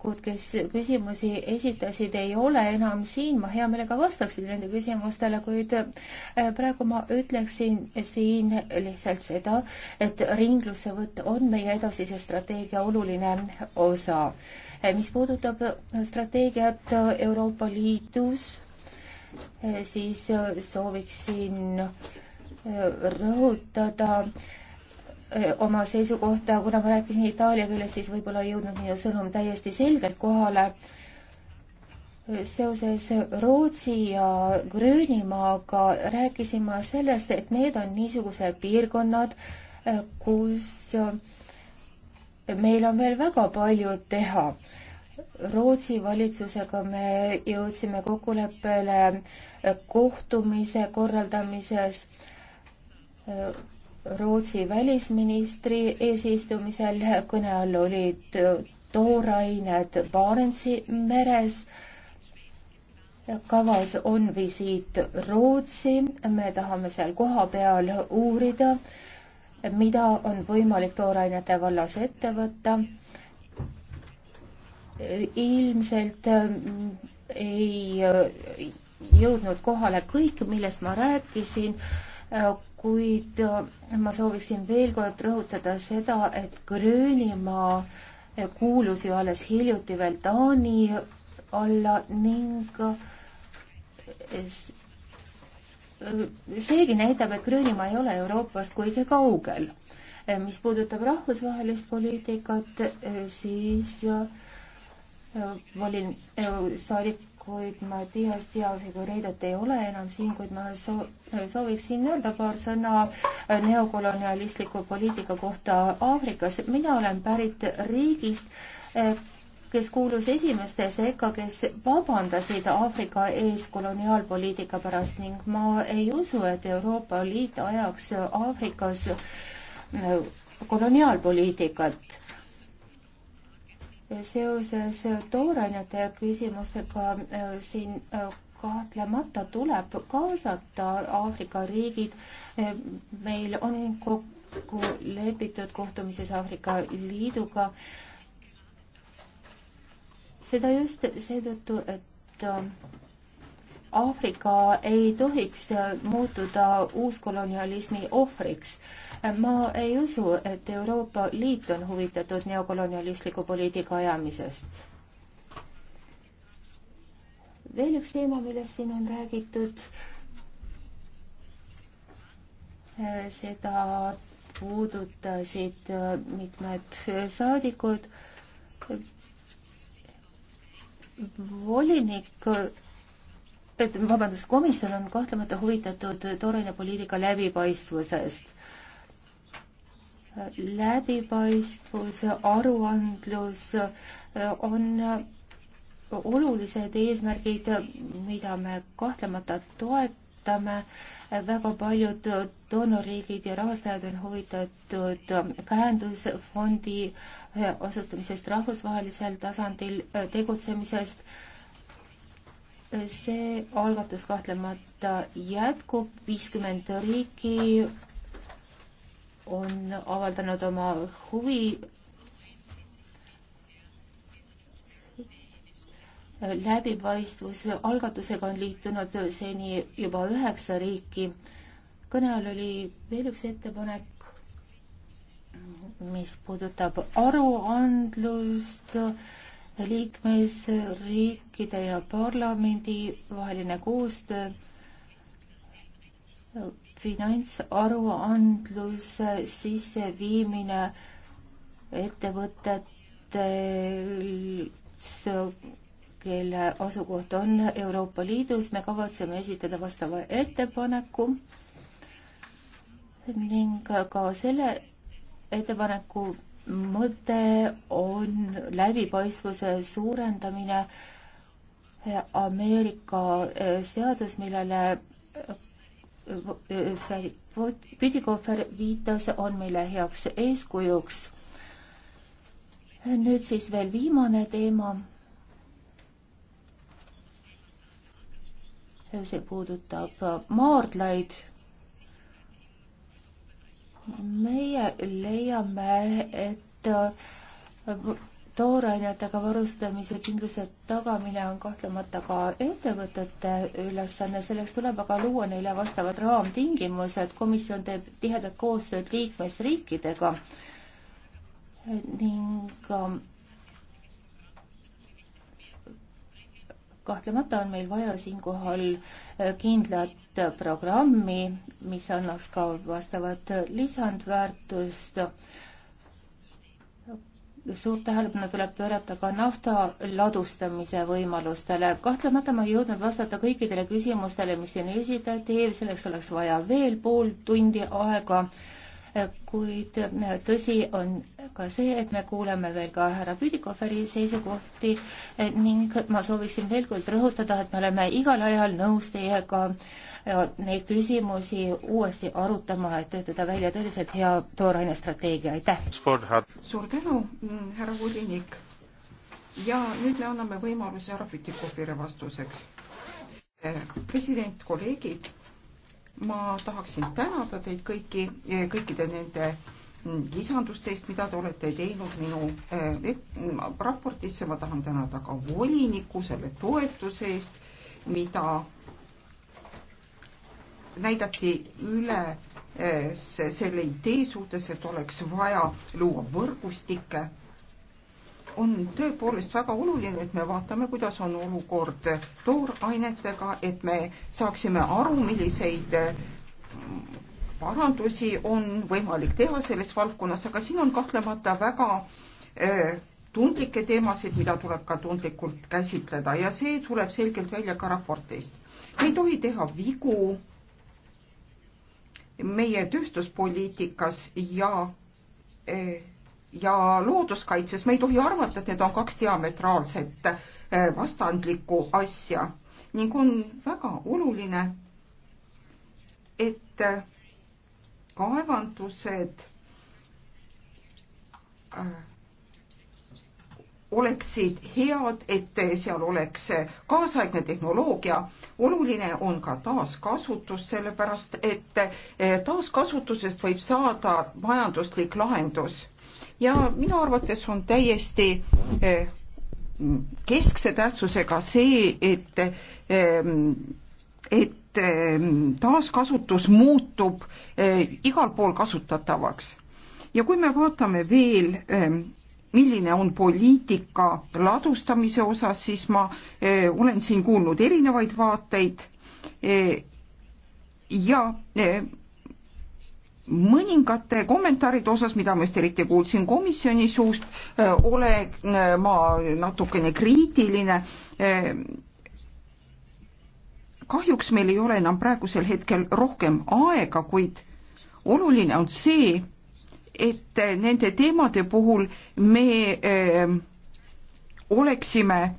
saadikud, kes küsimusi esitasid, ei ole enam siin, ma hea meelega vastaksin nende küsimustele, kuid äh, praegu ma ütleksin siin lihtsalt seda, et ringlussevõtt on meie edasise strateegia oluline osa. Äh, mis puudutab strateegiat Euroopa Liidus, äh, siis sooviksin rõhutada Eh, oma seisukohta, kuna ma rääkisin itaalia keeles, siis võib-olla ei jõudnud minu sõnum täiesti selgelt kohale. seoses Rootsi ja Gröönimaaga rääkisin ma sellest, et need on niisugused piirkonnad, eh, kus eh, meil on veel väga palju teha. Rootsi valitsusega me jõudsime kokkuleppele kohtumise korraldamises Rootsi välisministri eesistumisel kõne all olid toorained Barentsi meres. kavas on visiit Rootsi, me tahame seal kohapeal uurida, mida on võimalik toorainete vallas ette võtta. ilmselt mm, ei äh, jõudnud kohale kõik, millest ma rääkisin kuid äh, ma sooviksin veel kord rõhutada seda, et Gröönimaa äh, kuulus ju alles hiljuti veel Taani alla ning äh, seegi näitab, et Gröönimaa ei ole Euroopast kuigi kaugel. mis puudutab rahvusvahelist poliitikat, siis valin saadik kuid Matias Diao Figureidet ei ole enam siin, kuid ma soo-, sooviksin öelda paar sõna neokolonialistliku poliitika kohta Aafrikas. mina olen pärit riigist, eh, kes kuulus esimeste sekka, kes vabandasid Aafrika ees koloniaalpoliitika pärast ning ma ei usu, et Euroopa Liit ajaks Aafrikas eh, koloniaalpoliitikat seoses toorainete küsimustega äh, siin äh, kahtlemata tuleb kaasata Aafrika riigid. Äh, meil on kokku lepitud kohtumises Aafrika Liiduga. seda just seetõttu, et Aafrika ei tohiks muutuda uuskolonialismi ohvriks. ma ei usu, et Euroopa Liit on huvitatud neokolonialistliku poliitika ajamisest. veel üks teema, millest siin on räägitud, seda puudutasid mitmed saadikud. volinik et vabandust, komisjon on kahtlemata huvitatud toorene poliitika läbipaistvusest. läbipaistvus, aruandlus äh, on olulised eesmärgid, mida me kahtlemata toetame. väga paljud doonorriigid ja rahastajad on huvitatud käendusfondi äh, asutamisest rahvusvahelisel tasandil äh, tegutsemisest see algatus kahtlemata jätkub, viiskümmend riiki on avaldanud oma huvi läbipaistvuse algatusega on liitunud seni juba üheksa riiki. kõne all oli veel üks ettepanek, mis puudutab aruandlust äh, liikmesriikide ja parlamendi vaheline koostöö finantsaruandluse sisseviimine ettevõtetel, kelle asukoht on Euroopa Liidus, me kavatseme esitada vastava ettepaneku ning ka selle ettepaneku mõte on läbipaistvuse suurendamine Ameerika e, seadus, millele e, e, see Pidikohver viitas, on meile heaks eeskujuks. nüüd siis veel viimane teema. see puudutab maardlaid meie leiame, et äh, toorainetega varustamise kindluse tagamine on kahtlemata ka ettevõtete ülesanne, selleks tuleb aga luua neile vastavad raamtingimused, komisjon teeb tihedat koostööd liikmesriikidega ning ähm, kahtlemata on meil vaja siinkohal äh, kindlat programmi, mis annaks ka vastavat lisandväärtust. suurt tähelepanu tuleb pöörata ka nafta ladustamise võimalustele. kahtlemata ma ei jõudnud vastata kõikidele küsimustele, mis siin esitati, selleks oleks vaja veel pool tundi aega kuid äh, tõsi on ka see, et me kuuleme veel ka härra Püdikoferi seisukohti äh, ning ma sooviksin veel kord rõhutada, et me oleme igal ajal nõus teiega äh, neid küsimusi uuesti arutama, et töötada välja tõeliselt hea tooraine strateegia, aitäh! suur tänu, mm, härra volinik! ja nüüd me anname võimaluse härra Pütikofile vastuseks. president, kolleegid ma tahaksin tänada teid kõiki, eh, kõikide nende mm, lisandustest, mida te olete teinud minu eh, mm, raportisse, ma tahan tänada ka voliniku selle toetuse eest, mida näidati üle eh, selle idee suhtes, et oleks vaja luua võrgustikke on tõepoolest väga oluline, et me vaatame, kuidas on olukord toorainetega, et me saaksime aru, milliseid mm, parandusi on võimalik teha selles valdkonnas, aga siin on kahtlemata väga e, tundlikke teemasid, mida tuleb ka tundlikult käsitleda ja see tuleb selgelt välja ka raportist. me ei tohi teha vigu meie tööstuspoliitikas ja eh, ja looduskaitses, me ei tohi arvata, et need on kaks diametraalset eh, vastandlikku asja ning on väga oluline, et eh, kaevandused eh, oleksid head, et seal oleks kaasaegne tehnoloogia. oluline on ka taaskasutus, sellepärast et taaskasutusest võib saada majanduslik lahendus ja minu arvates on täiesti eh, keskse tähtsusega see, et, eh, et eh, taaskasutus muutub igal pool kasutatavaks. ja kui me vaatame veel, milline on poliitika ladustamise osas, siis ma olen siin kuulnud erinevaid vaateid ja mõningate kommentaaride osas, mida ma just eriti kuulsin komisjoni suust, äh, olen äh, ma natukene kriitiline. Äh, kahjuks meil ei ole enam praegusel hetkel rohkem aega, kuid oluline on see, et nende teemade puhul me oleksime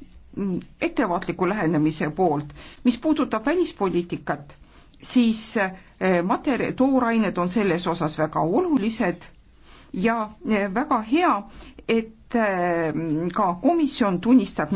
ettevaatliku lähenemise poolt. mis puudutab välispoliitikat, siis äh, Eh, mater-, toorained on selles osas väga olulised ja eh, väga hea, et eh, ka komisjon tunnistab nii